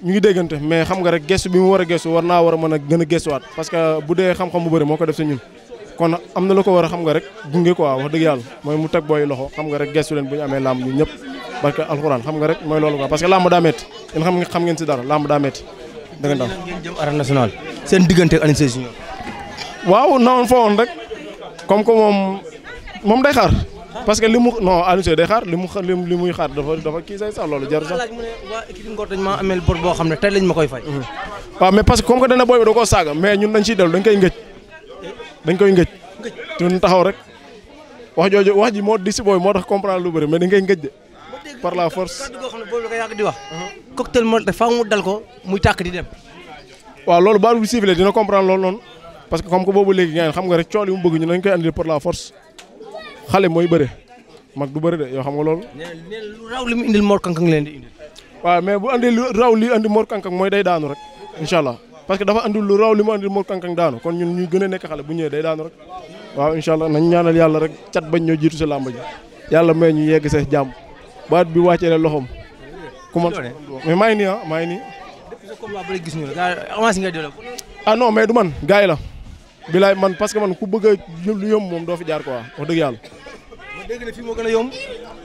Speaker 9: ñu ngi déggante mais xam nga rek gestu bi mu war a gestu war naa war a mën a gën a gestuwaat parce que bu dee xam-xam bu bëri moo ko def si ñun kon am na lu ko war a xam nga rek gunge quoi wax dëgg yàlla mooy mu teg booy loxo xam nga rek gestu leen bu ñu amee làmb ñu ñëpp parce que alxuraan xam nga rek mooy loolu quoi parce que làmb daa metti yéen xam xam ngeen si dara làmb daa metti da ngeen daal ngeen
Speaker 1: jëm arène nationale seen diggante ak Alioune Sèye Junior
Speaker 9: waaw nawoon fa woon rek comme que moom moom day xaar parce que li mu non Alioune day xaar li mu xaar dafa kii say sax loolu jarul sax. ne tey lañ koy fay. Mm-hmm. waaw mais parce que comme que dana booy bi da koo saaga mais ñun dañ ciy dellu dañ koy ngëj dañ koy ngëj. ñun taxaw rek wax jooju wax ji moo di si booy moo tax comprendre lu bëri mais dañ koy ngëj de. par la force kàddu goo xam ne yàgg di wax. cocktail Molotov faaw mu dal ko muy tàkk di dem. waaw loolu baal bu civilé dina comprendre loolu noonu parce que comme que boobu léegi nga xam nga rek cool yi mu force xale mooy bëre mag du bëre de yoo xam nga loolu.
Speaker 5: nee
Speaker 4: lu
Speaker 9: raw li mu indil Mor Kankang leen di indil. waaw mais bu andi lu raw li andi Mor Kankang mooy day daanu rek incha allah parce que dafa andi lu raw li mu andi Mor Kankang daanu kon ñun ñuy gën a nekk xale bu ñëwee day daanu rek waaw incha allah nañ yàlla rek cat bañ ñoo jiitu si làmb ji yàlla may ñu yegg see jàmm baat bi wàccee la loxoom. ku man mais maa ngi nii ah maa ngi nii. ah non mais du man gars yi la. bilaay man parce que man ku bëgg a lu yomb moom doo fi jaar ko wax dëgg yàlla.
Speaker 1: ma dégg ne moo gën a yomb.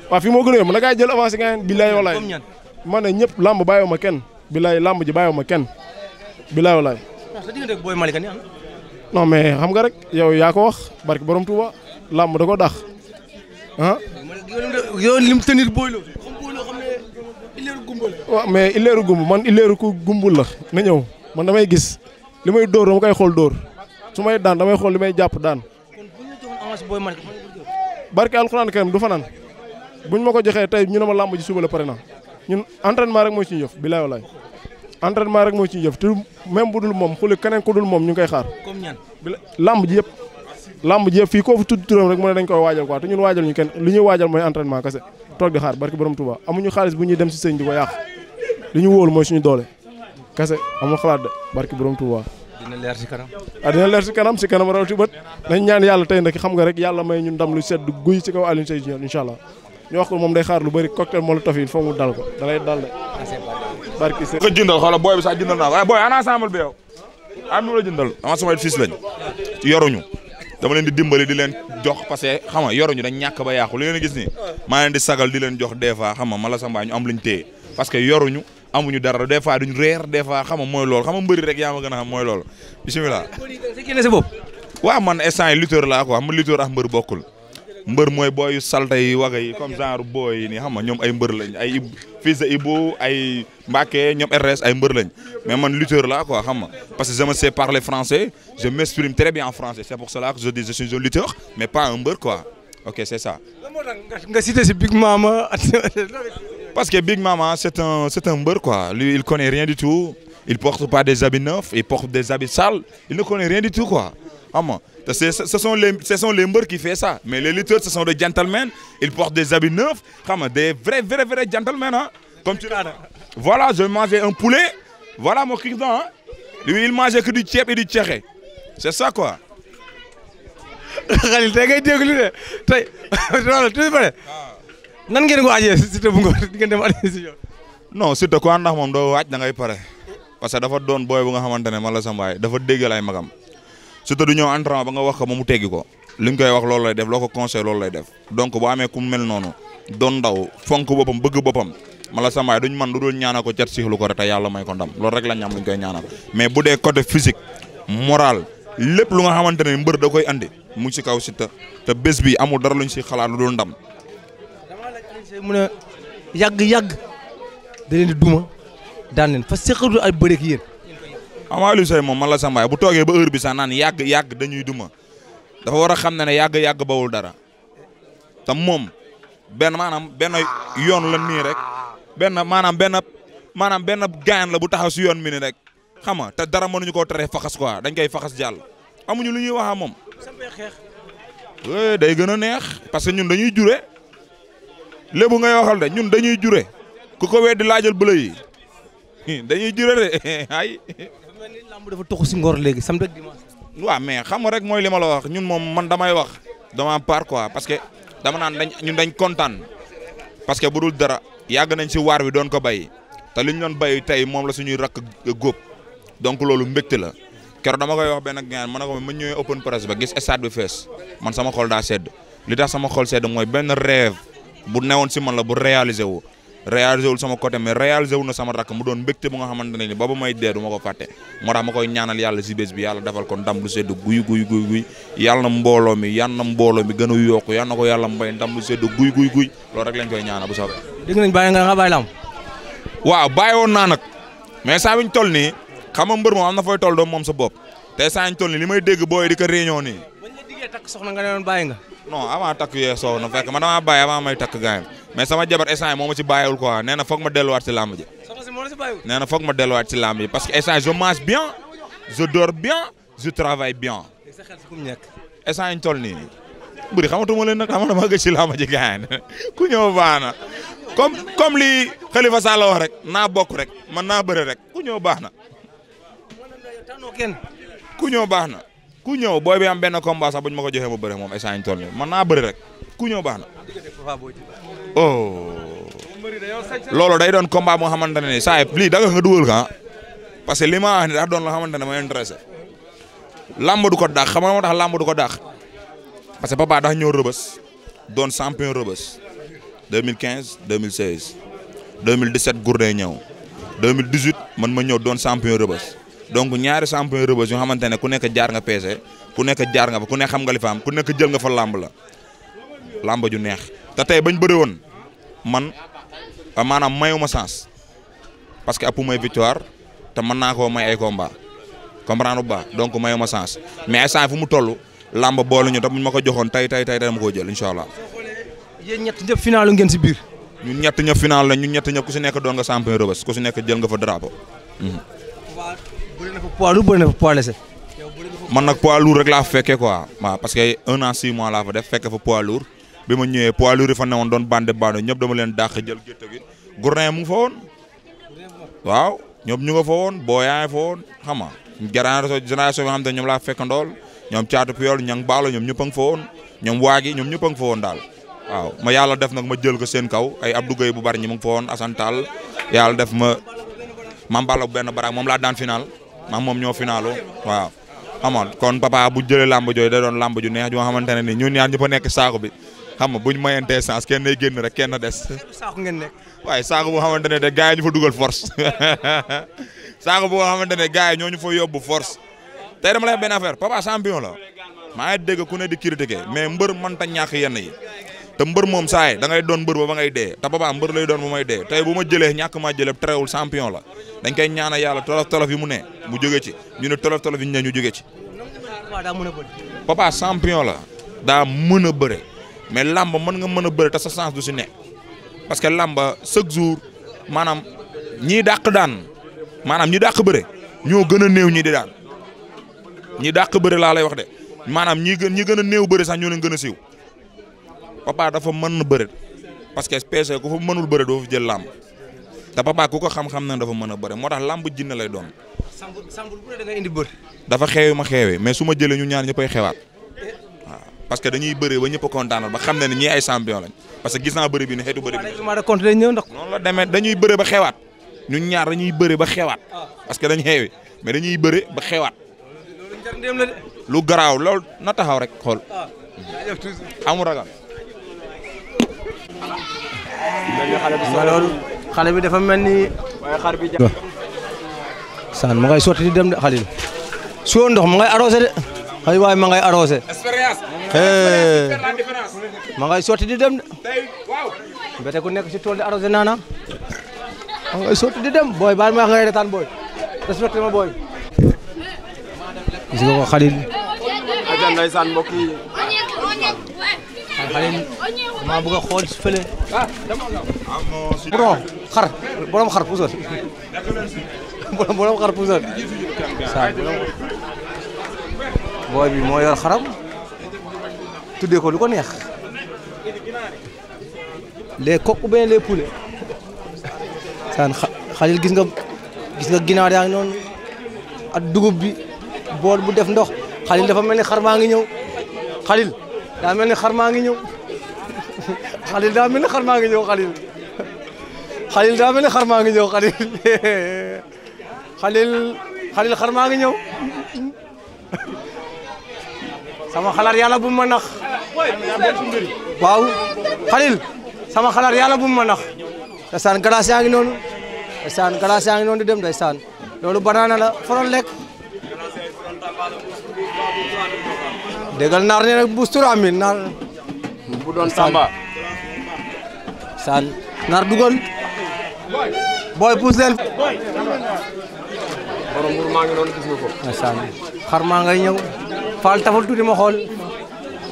Speaker 9: waaw fii a jël avancé nga bilaay walaay ma ne ñëpp làmb bàyyiwu ma kenn bilaay làmb ji bàyyiwu ma kenn bilaay walaay. non mais xam nga rek yow yaa ko wax barki borom Touba ko dax ah. yow lim tenir mais illeeru gumb man illeeru ku gumbul la na ñëw man damay gis li may dóor dama koy xool dóor. su may daan damay xool li may jàpp daan. barke alxuraan karim du fanaan bu ñu ma ko joxee tey ñu ne ma làmb ji suba la pare na ñun entraînement rek mooy suñu jëf bilaay walaay entraînement rek mooy suñu jëf te même bu dul moom xuli keneen ku dul moom ñu ngi koy xaar. comme ñan làmb ji yëpp. làmb ji yëpp fii koo fi tudd turam rek mu ne dañ koy waajal quoi te ñun waajal ñu kenn li ñu waajal mooy entraînement kese toog di xaar barki borom Touba amuñu xaalis bu ñu dem si sëñ di ko yàq li ñu wóolu mooy suñu doole kese amul xalaat de barki borom Touba.
Speaker 1: dina leer si kanam
Speaker 9: ah xam nga rek yàlla may ñu ndam lu sedd guy si kaw Alioune Seye Junior incha allah ñu wax ko moom day xaar lu bëri
Speaker 12: cocktail molotov yi foo mu dal ko da lay dal de barki se nga jëndal xoola booy bi sax jëndal naa ko eh, booy ana ensemble bi yow ah, lañ yoruñu dama leen di dimbali di leen jox parce que xam nga yoruñu dañ ñàkk ba yàqu li ngeen gis ni maa leen di sagal di leen jox des fois xam nga mala sa mbaa ñu am luñ téye parce que yoruñu amuñu dara des fois duñ reer des fois xam nga mooy loolu xam nga mbëri rek yaa ma gën a xam mooy loolu bisimilah. waaw man instant yi lutteur laa quoi man lutteur ak mbër bokkul mbër mooy booy yu salte comme genre booy yi nii ñoom ay mbër lañ ay fils de Ibou ay Mbacké ñoom RS ay mbër lañ mais man lutteur laa quoi xam parce que je me sais parler français je m'exprime très bien en français c'est pour cela je suis un lutteur mais pas un mbër quoi ok c'est ça. nga cité si Big Mama <laughs> Parce que Big Mama, c'est un, c'est un beurre quoi. Lui, il connaît rien du tout. Il porte pas des habits neufs, il porte des habits sales. Il ne connaît rien du tout quoi. Ah Ce, sont les, ce qui font ça. Mais les lutteurs, ce sont des gentlemen. Ils portent des habits neufs. Xam, ah, des vrais, vrais, vrais Comme tu l'as Voilà, je mangeais un poulet. Voilà mon client. Hein. Lui, il mangeait que du tchèp et du tchéré. C'est ça quoi. <laughs> Khalil, t'as gagné de tey loolu tuuti nan ngeen ko aajee Siteu bu Ngor di ngeen dem aajee si yoon. non Siteu ku ànd moom doo waaj da ngay pare parce dafa doon booy bu nga xamante ne man la sambaay dafa déggal ay magam Siteu du ñëw entraînement ba nga wax ko moom mu teggi ko li nga wax loolu lay def loo ko conseil loolu lay def donc bu amee ku mel noonu doon ndaw fonk boppam bëgg boppam man la sambaay duñ man lu dul ñaanal ko cat siixlu ko rek te yàlla may ko ndam loolu rek la ñam luñ koy ñaanal mais bu dee côté physique moral lépp lu nga xamante ne mbër da koy andi mu ngi kaw Siteu te bés bi amul dara luñ si xalaat lu dul ndam gisee mu ne yàgg yàgg di duma daan leen fa seqatu ay bëreeg yéen. Ama Aliou Seye moom man la sa bu toogee ba heure bi sax naan yàgg yàgg dañuy duma dafa war a xam ne ne yàgg yàgg bawul dara te moom benn maanaam benn yoon la nii rek benn maanaam benn maanaam benn gaañ la bu taxaw si yoon mi ni rek xam nga te dara mënuñu koo teree faxas quoi dañ koy faxas jàll amuñu lu ñuy wax moom. Eh, day gën a neex parce ñun dañuy jure. lébu ngay waxal de ñun dañuy jure ku ko weddi laajal bële yi <laughs> dañuy jure de <laughs> ay. lamb dafa toxu si ngor léegi samedi ak dimanche. waaw mais xam nga rek mooy li ma la wax ñun moom man damay wax dama par quoi parce que dama naan dañ ñun dañ kontaan parce que bu dara yàgg nañ si waar wi doon ko bay te li ñu doon bay tey moom la suñuy rakk góob donc loolu mbégte la keroog dama koy wax benn gaan ma ne ko ma ñëwee open press ba gis stade bi man sama xol daa sedd li tax sama xol sedd mooy benn rêve. bu newoon si man la bu réalisé wu réalisé wul sama côté mais réalisé wu na sama rakk mu doon mbégte bu nga xamante ne ni ba ba may dee du ma ko fàtte moo tax ma koy ñaanal yàlla si bés bi yàlla defal ko ndam lu sedd guy guy guy guy yàlla na mbooloo mi yàlla na mbooloo mi gën a yokku yàlla na ko yàlla mbay ndam lu sedd guy guy guy loolu rek lañ koy ñaanal bu soobee. dégg nañ bàyyi nga nga ah, bàyyi lam waaw bàyyi woon naa nag mais saa biñ toll nii xam mbër moom am na fooy toll doom moom sa bopp te saa ñu toll nii li dégg booy di ko réunion nii takk nga ne doon nga. non takk yee soow na fekk man damaa bàyyi avant may takk gaañ mais sama jabar instant moo ma ci bàyyiwul quoi nee na foog ma delluwaat ci làmb ji. soxna na foog ma delluwaat ci làmb parce que instant je mange bien je dors bien je travaille bien. léegi si fu mu nekk. instant yi ñu toll nii bëri xamatuma leen nag xamatuma dama gëj ci làmb <laughs> ku ñëw baax na comme comme li Khalifa Sall wax rek naa bokk rek man naa bëre rek ku ñëw baax baax na. ku ñëw booy bi am benn combat sax bu ñu ma ko joxee ma bëre moom instant ñu toll nii naa bëri rek ku ñëw baax na. oh. loolu day doon combat bu nga xamante ne nii saa lii da nga ka parce que li ma wax ni daa doon loo xamante ne ma intéressé làmb ko dàq xam nga moo tax làmb ko dàq parce que papa daa ñëw rëbës doon champion rëbës 2015 2016 2017 Gourdin ñëw 2018 man ma ñëw doon champion rëbës. donc ñaari champion Rebeus yoo xamante ne ku nekk jaar nga peese ku nekk jaar nga fa ku nekk xam nga li am ku nekk jël nga fa làmb la làmb ju neex te tey bañ bëri woon man ah, maanaam mayuma sens parce que appu may victoire te mën naa koo may ay combat comprendre bu baax donc mayuma sens mais instant fu mu toll làmb boolu ñu te buñ ma ko joxoon tey tey tey dama koo jël incha allah.
Speaker 1: yéen ñett ñëpp final ngeen si biir.
Speaker 12: ñun ñett ñëpp final la ñun ñett ñëpp si nekk doon nga champion Rebeus ku si nekk jël nga fa drapeau. Hmm.
Speaker 1: fa poids lourd bëri na fa poids léger
Speaker 12: man nag rek laa fa fekkee quoi waaw parce que un an six laa fa def fekke fa poids lourd bi ma ñëwee poids lourd yi fa newoon doon bande bande ñëpp dama leen dàq jël gerte gi Gourdin mu ngi fa woon waaw ñoom ñu nga fa woon booyaay fa woon xam nga garaan génération bi nga xam ne ñoom laa fekk ndool ñoom caatu piyool ñang baalo ñoom ñëpp a woon ñoom waagi ñoom ñëpp a woon daal waaw ma yàlla def nag ma jël ko seen kaw ay Abdou bu bari ñi mu ngi fa woon Assane Tall yàlla def ma Mambala benn baraak moom laa daan final maam moom ñoo finaalu waaw xam nga kon papa bu jëlee làmb jooju da doon làmb ju neex joo xamante ne ni ñun ñaar ñëpp a nekk saako bi xam nga buñ mayantee sens kenn day génn rek kenn des. saako ngeen nekk. waaye saako boo xamante ne de gars ñu fa dugal force <laughs> saako boo xamante ne gars yi ñoo ñu fa yóbbu force tey dama lay benn affaire papa champion la maa ngi ku ne di critiquer mais mbër mënta ñàkk yenn yi te mbër moom saay dangay doon mbër ba ba ngay dee te papa mbër lay doon ba may dee tey bu ma jëlee ñàkk maa jëlee terewul champion la dañ koy ñaana yàlla tolof tolof yi mu ne mu jóge ci ñu ne tolof tolof yi ñu ne ñu jóge ci papa champion la daa mën a bëre mais làmba mën nga mën a bëre ta sa chance du si ne parce que làmba chaque jour maanaam ñii dàq daan maanaam ñi dàq bëre ñoo gën a néew ñi di daan ñi dàq bëre laa lay wax de maanaam ñi gën ñi gën a néew bëre sax ñoo leen gën a siiw papa dafa mën na bëre parce que PC ku fa mënul bëre doo fa jël làmb te papa ku ko xam-xam na dafa mën a bëre moo tax làmb jinne lay doon.
Speaker 1: sambul sambul
Speaker 12: bu ne da nga dafa xeewi ma xeewee mais su ma jëlee ñu ñaar ñëppay xewaat waaw parce que dañuy bëre ba ñëpp a kontaanal ba xam ne ni ñii ay champion lañ parce que gis naa bëre bi ne xeetu bëre bi. noonu la demee dañuy bëre ba xewaat ñun ñaar dañuy bëre ba xewaat ah. parce que dañ xeewi mais dañuy bëre ba xewaat. lu garaaw loolu na taxaw rek xool. Ah. amul ragal.
Speaker 1: nga loolu xale bi dafa mel ni. saan ma ngay sotti di dem de xalil soo ndox ma ngay arrosé de ay ma ngay arrosé ma ngay sotti di de mbete ku nekk ci tool di arrosé naana ma ngay sotti di dem booy baal ma ngay retaan booy respecté ma booy gis nga ko xalil ajan ndeysaan mbokk yi
Speaker 7: xale maa bëgg a
Speaker 1: xool fële. xar borom xar puusal borom bi moo yor xaram tuddee ko lu ko neex les coqs ou bien saan xalil gis nga gis ginaar yaa ngi noonu dugub bi bool bu def ndox xalil dafa mel ni xar maa ngi ñëw xalil daa mel ni xar maa ngi ñëw xalil daa ni xar maa ngi ñëw xalil xalil daa maa ngi ñëw xalil xalil maa ngi ñëw sama xalaat yàlla bu ma nax waaw xalil sama xalaat yàlla bu ma nax ndeysaan glace yaa ngi noonu ndeysaan glace yaa ngi noonu di dem ndeysaan loolu banaana la foroon déggal naar nee na mbuus tur naar. bu doon Tamba. Sall naar dugal.
Speaker 4: booy puus leen. maa ngi noonu gis nga ko.
Speaker 1: macha xar maa ngay ñëw. Fall taful tuuti ma xool.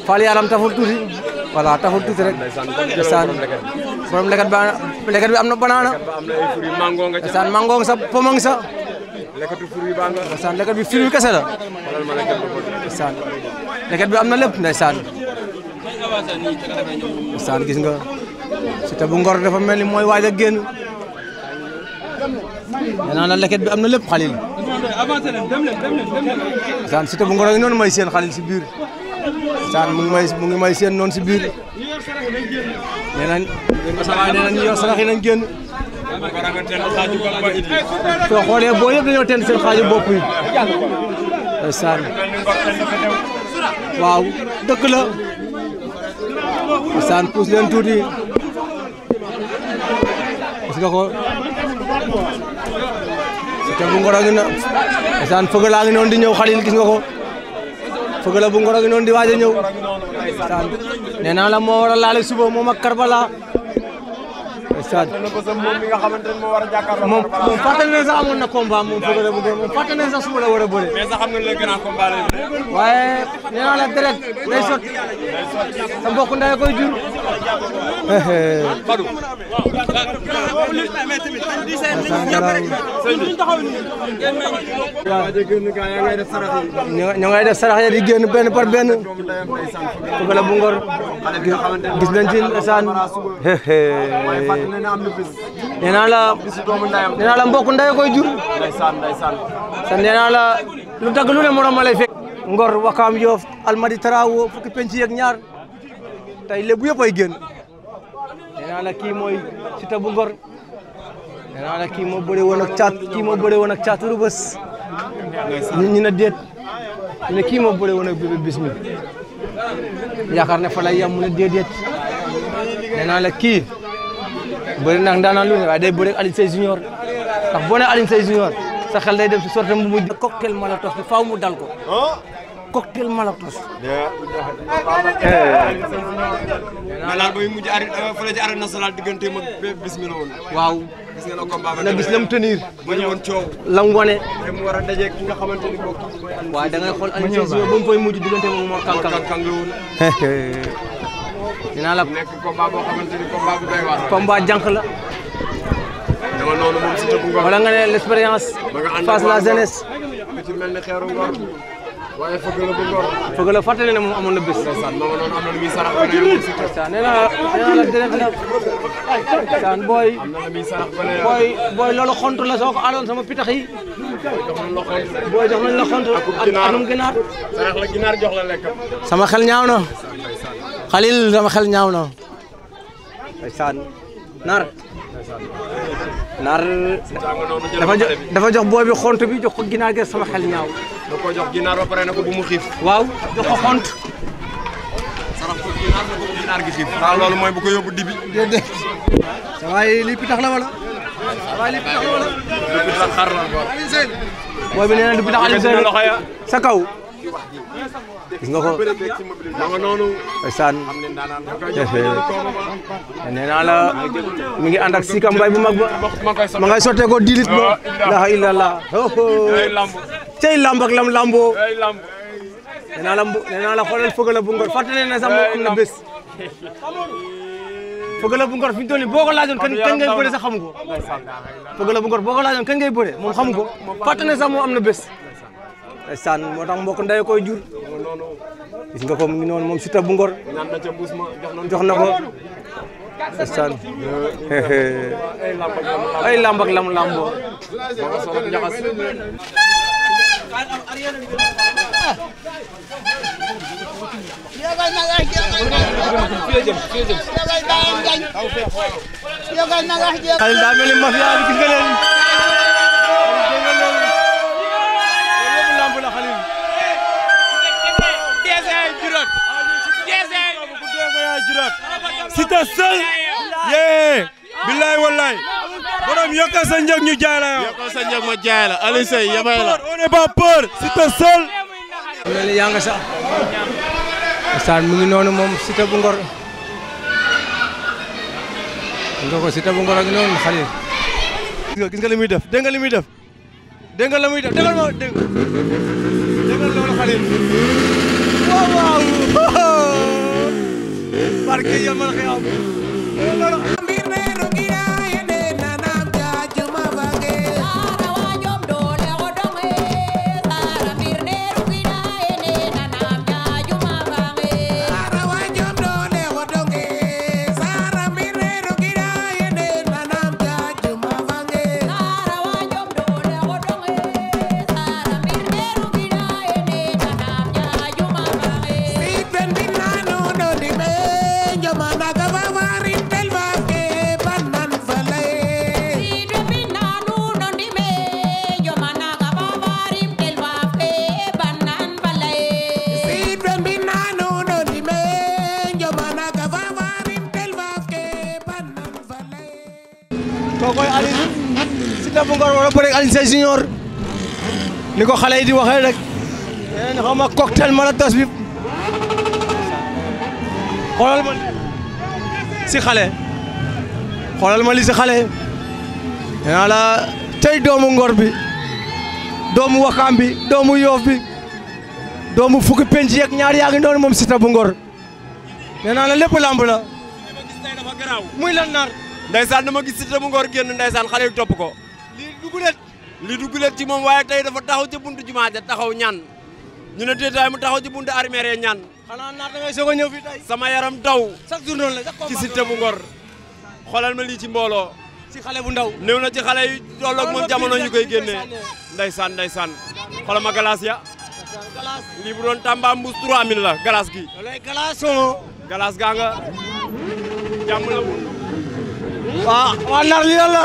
Speaker 1: Fall yaram taful tuuti. voilà taful tuuti rek. ndeysaan borom leket ba leket bi am na banaana.
Speaker 9: ndeysaan mango nga sa
Speaker 1: pomo nga sa. ndeysaan leket bi fruit kese la. ndeysaan. leket bi am na lépp ndeysaan ndeysaan gis nga Siteu bu Ngor dafa mel ni mooy waaj a génn nee naa la leket bi am na lépp xalil ndeysaan bu Ngor a ngi noonu may seen xalil si biir
Speaker 4: ndeysaan mu
Speaker 1: ngi may mu noon may si biir nee nañ sawaay nee nañ ñu génn waaw dëgg la saan puus leen tuuti
Speaker 7: gis nga ko Siteu bu Ngor
Speaker 1: a ngi di ñëw xalil gis nga ko fëgal bu Ngor a di waaj ñëw nee naa la moo war a laale suba moom ak stade
Speaker 2: moom mi nga xamante a jàkkaarloo moom moom na sax
Speaker 1: moom foog
Speaker 2: la
Speaker 1: suba la war a bëre mais waaye nee la deret day sot sa koy jur Badou ñoo ngay sarax ya di génn benn par benn foog
Speaker 2: la
Speaker 10: gis nañ ci saan nee na am
Speaker 2: na bis.
Speaker 1: nee naa la bisu doomu ndayam nee jur.
Speaker 2: ndeysaan ndeysaan.
Speaker 1: la lu dagg lu ne morom ma lay fekk. Ngor Wakaam Yoof Almadi Taraawo fukki penc yeeg ñaar tey lébu yëpp ay génn. nee naa la kii mooy Siteu bu Ngor. nee la kii moo bëre woon ak caat kii moo bëre woon kii moo bëre woon ak bébé bismi ne fa yam mu ne déedéet nee la kii. bëri nag ndaanaan lu ne waaye day bëri Alioune Seye junior ndax boo nee Alioune Seye junior sa xel day dem si sortam bu muy cocktail Molotov bi faaw mu dal ko oh. cocktail Molotov euh, diggante mag bis waaw gis nga na combat mu tenir ba ñëwoon coow la mu a ki nga xamante ni bokk waaw da ngay xool Alioune Seye junior ba mu fay mujj diggante moom moo kànkang <laughs> dinaa la nekk
Speaker 2: combat la. dama noonu moom la jeunesse. waaye fëgg la bu ngor.
Speaker 1: la fàttali ne na bés. ndeysaan ma nga noonu am na lu naa nee naa la dina dina.
Speaker 2: ndeysaan booy.
Speaker 4: la soo ko sama pitax yi. booy jox nañ la xontu. la ginaar jox la lekk.
Speaker 1: sama xel ñaaw xalil dama xel ñaaw na. ndeysaan naar naar dafa jox dafa jox booy bi xont bi jox ko ginaar gi
Speaker 9: sama xel ñaaw. na ko bu mu xiif. waaw jox ko xont.
Speaker 8: sarax ah, ko ginaar na gi xiif. waaw loolu mooy bu ko yóbbu dibi.
Speaker 1: déedéet. sa waay la wala.
Speaker 10: sa waay lii pitax la
Speaker 8: wala. du pitax xar la.
Speaker 1: booy bi nee na du pitax Alioune kaw.
Speaker 4: gis nga ko ndeysaan nee naa la
Speaker 1: mi ngi ànd ak Sika Mbaye bu mag ba
Speaker 4: ma ngay sotte ko dilit ba ah, laa illallah
Speaker 1: cey lamb ak lam lambo nee naa la nee naa la xoolal fëgala bu ngor fàttali ne sax moom am na bés fëgala bu ngor fi ñu toll nii boo ko laajoon kan kan ngay bëre sax xamu ko fëgala bu ngor boo ko laajoon kan ngay bëre moom xamu ko fàttali ne am na bés ndeysaan moo tax mbokk ndey koy jur gis nga ko mu ngi noonu moom Siteu bu Ngor
Speaker 4: jox na ko ndeysaan
Speaker 1: ay lamb ak lam lambo xale daa mel ni mafia bi gis nga leen
Speaker 4: Siteu seul yee billaay wallaay borom yokkal sa njëg ñu jaay la yow yokkal sa njëg
Speaker 9: ma jaay la Aliou Seye yabay la on n'est yaa nga sax
Speaker 1: saan mu ngi noonu moom Siteu bu Ngor nga ko Siteu bu Ngor ak noonu xalil gis li muy def dégg li muy def muy def barke yombal xiyam loolu Cissé junior ni ko xale yi di waxee rek nee na xaw ma cocktail Maratos bi xoolal ma si xale xoolal ma li si xale nee naa la tey doomu ngor bi doomu wakaam bi doomu yoof bi doomu fukki penc ñaar yaa ngi noonu moom Siteu bu ngor nee naa la lépp lamb la muy lan naar ndeysaan dama gis si
Speaker 10: bu ngor génn ndeysaan xale yi topp ko li dugg leen ci moom waaye tey dafa taxaw ci buntu jumaa ja taxaw ñaan ñu ne déetaay mu taxaw ci buntu armeere ñaan. xanaa naa a ñëw
Speaker 4: sama yaram daw. chaque jour noonu la chaque combat ci Siteu bu ma lii ci mbooloo. ci xale bu ndaw. néew na ci xale yi loolu ak moom jamono ñu koy génnee. ndeysaan ndeysaan xoolal ma glace ya. lii bu doon Tamba mbuus 3000 la glace gi. loolay glace.
Speaker 10: Oh. glace gaa nga jàmm la. waaw ah, waa nar li lan la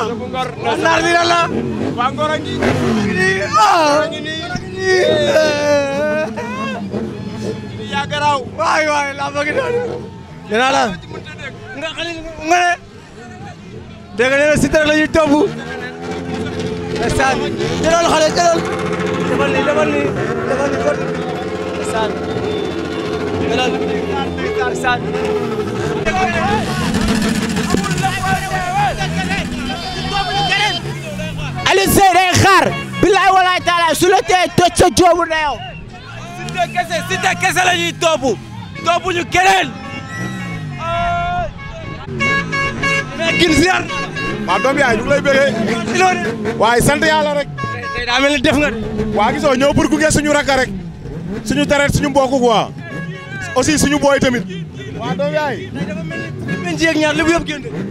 Speaker 10: waa nar li lan la waa ngor a ngi nii ah. a ngi nii
Speaker 1: yaa garaaw waay waay laa bëgg doon dinaa la nga xali nga ne dégg nga ne Siteu la ñuy topp ndeysaan jëlal xale jëlal defal nii defal nii defal nii kon ndeysaan jëlal ndeysaan
Speaker 2: Alioune Seye day xaar billaay walaay taalaay su la tee toj sa joobu na
Speaker 7: ñu
Speaker 11: keneen. mais gin ziar. waaw doom yaay ñu ngi lay bëggee. waaye sant rek. tey daa mel waa gisoo ñëw pour gunge suñu rakka rek suñu deret suñu mbokk quoi aussi suñu booy tamit. waa doom yaay.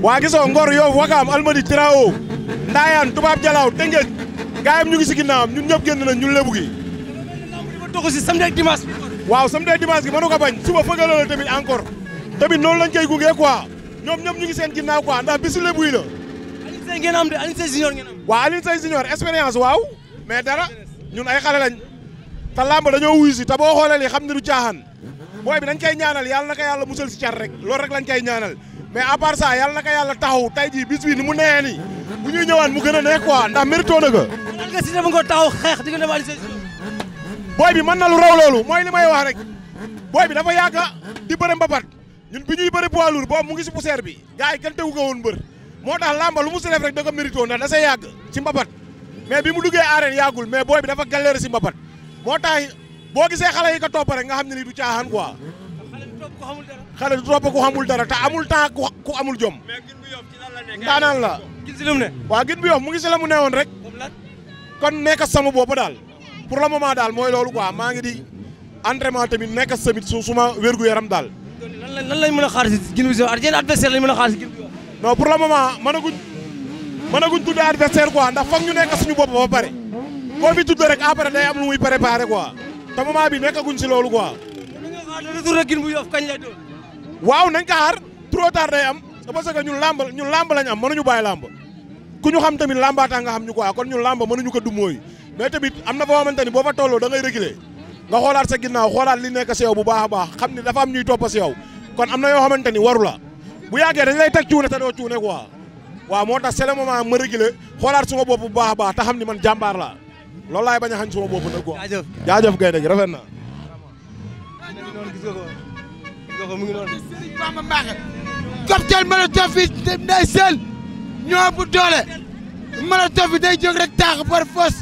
Speaker 11: waa gisoo Ngor yow Wakaam Almadi Traoré Ndaayaan Tubaab Jalaaw Tëngéej gaayam ñu ngi si ginnaawam ñun ñëpp génn nañ ñun lébu gi. doxu si samedi ak dimanche waaw samedi ak dimanche gi mënu ko bañ suba fëgaloo la tamit encore tamit noonu lañ koy gunge quoi ñoom ñu ngi seen ginnaaw quoi ndax bisu lébu yi la. Alioune Seye ngeen am de Alioune Seye junior ngeen am. waaw Alioune Seye junior expérience waaw mais dara ñun ay xale lañ te làmb dañoo wuyu si te boo xoolee xam ne du caaxaan booy bi dañ koy ñaanal yàlla na ko yàlla musal si car rek loolu rek lañ koy ñaanal mais à part ça yàlla na ko yàlla taxaw bi ni mu bu ñuy ñëwaat mu gën a nekk quoi ndax mérito na ko. lan nga Siteu mën nga taxaw xeex
Speaker 3: booy bi man na lu raw loolu mooy li may wax rek booy bi dafa yàgg
Speaker 11: di bëre mbapat ñun bi ñuy bëri poids lourd boobu mu ngi si poussière bi gars yi kenn tegu ko woon mbër moo tax làmba lu mu si def rek da ko mérito ndax da say yàgg ci mbapat mais bi mu duggee arène yàggul mais booy bi dafa galère si mbapat moo tax boo gisee xale yi ko topp nga xam ne ni du caaxaan quoi xale du topp ku xamul dara ta amul temps ku amul jom. ndaanaan la. waaw gin bu yof mu ngi si la mu ne woon rek. kon nekk sama bopp daal pour le moment daal mooy loolu quoi maa ngi di entraînement tamit nekk samit su suma wérgu yaram daal. lan lan lañ mën a xaar si gin bu yof yan adversaire lañ mën a xaar si gin bu yof non pour le moment mënaguñ mënaguñ tuddee adversaire quoi ndax foog ñu nekk suñu bopp ba pare koo fi tudd rek après day am lu muy préparé quoi bi nekkaguñ si loolu quoi. retour ak Guine bu waaw nañ ko xaar trop tard day am parce que ñun làmb ñun làmb lañ am mënuñu bàyyi làmb ku ñu xam tamit làmbaataa nga xam ñu quoi ah, kon ñun làmb mënuñu ko dummóoy mais tamit am na foo xamante ni boo fa tolloo danga ngay reculer nga xoolaat sa ginnaaw xoolaat li nekk si bu baax a baax xam ni dafa am ñuy topp si yow kon am na yoo xamante ni waru la bu yàggee dañ lay teg cuune te doo cuune quoi waaw moo tax c'est le moment ma reculer xoolaat suma bopp bu baax a xam ni man jàmbaar la loolu laay bañ a xañ suma bopp nag quoi jaajëf gaynde gi rafet na
Speaker 5: gis nga ko gis nga ko mu doole molotov bi day jóg rek taax par kese.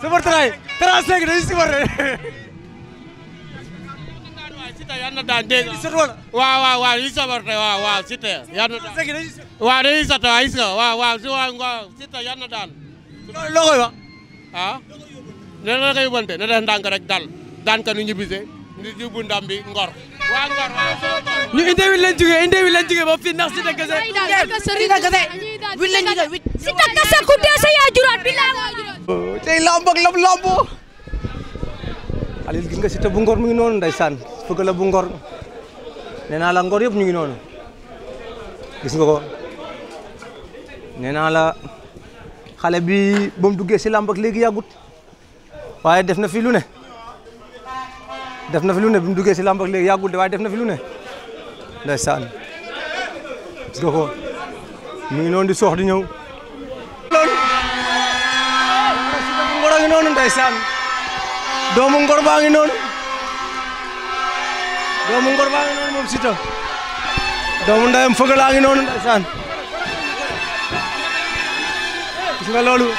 Speaker 4: sëfër tëraay 35
Speaker 11: dañuy yi sabarte waaw waaw si te yan na daan waaw dañuy sata waaw gis nga waaw waaw si waaw si te yan dana la koy wante ndànk rek dal daan
Speaker 4: ka nu ñibbise ndi yóbbu ndam bi ngor waa ngor waa ñu indewil lañ jógee indewil lañ jógee ba fii ndax si dëgg sa
Speaker 2: wit ku dee sa yaa juraat bi laa tey lamb ak lam lamb
Speaker 4: Xalil gis
Speaker 1: nga Siteu bu ngor mu noonu ndeysaan fëgg la bu ngor nee naa la ngor yëpp ñu ngi noonu gis nga ko nee naa la xale bi ba mu duggee si lamb ak léegi yàggut waaye def na fi lu ne def na fi lu ne bi mu duggee si làmb ak léegi yàggul de waaye def na fi lu ne ndeysaan gis nga ko ngi noonu di soox di ñëw loolu ngor a ngi noonu ndeysaan doomu ngor baa ngi noonu doomu ngor baa ngi noonu moom Siteu doomu ndeyam fëgalaa ngi noonu ndeysaan gis nga loolu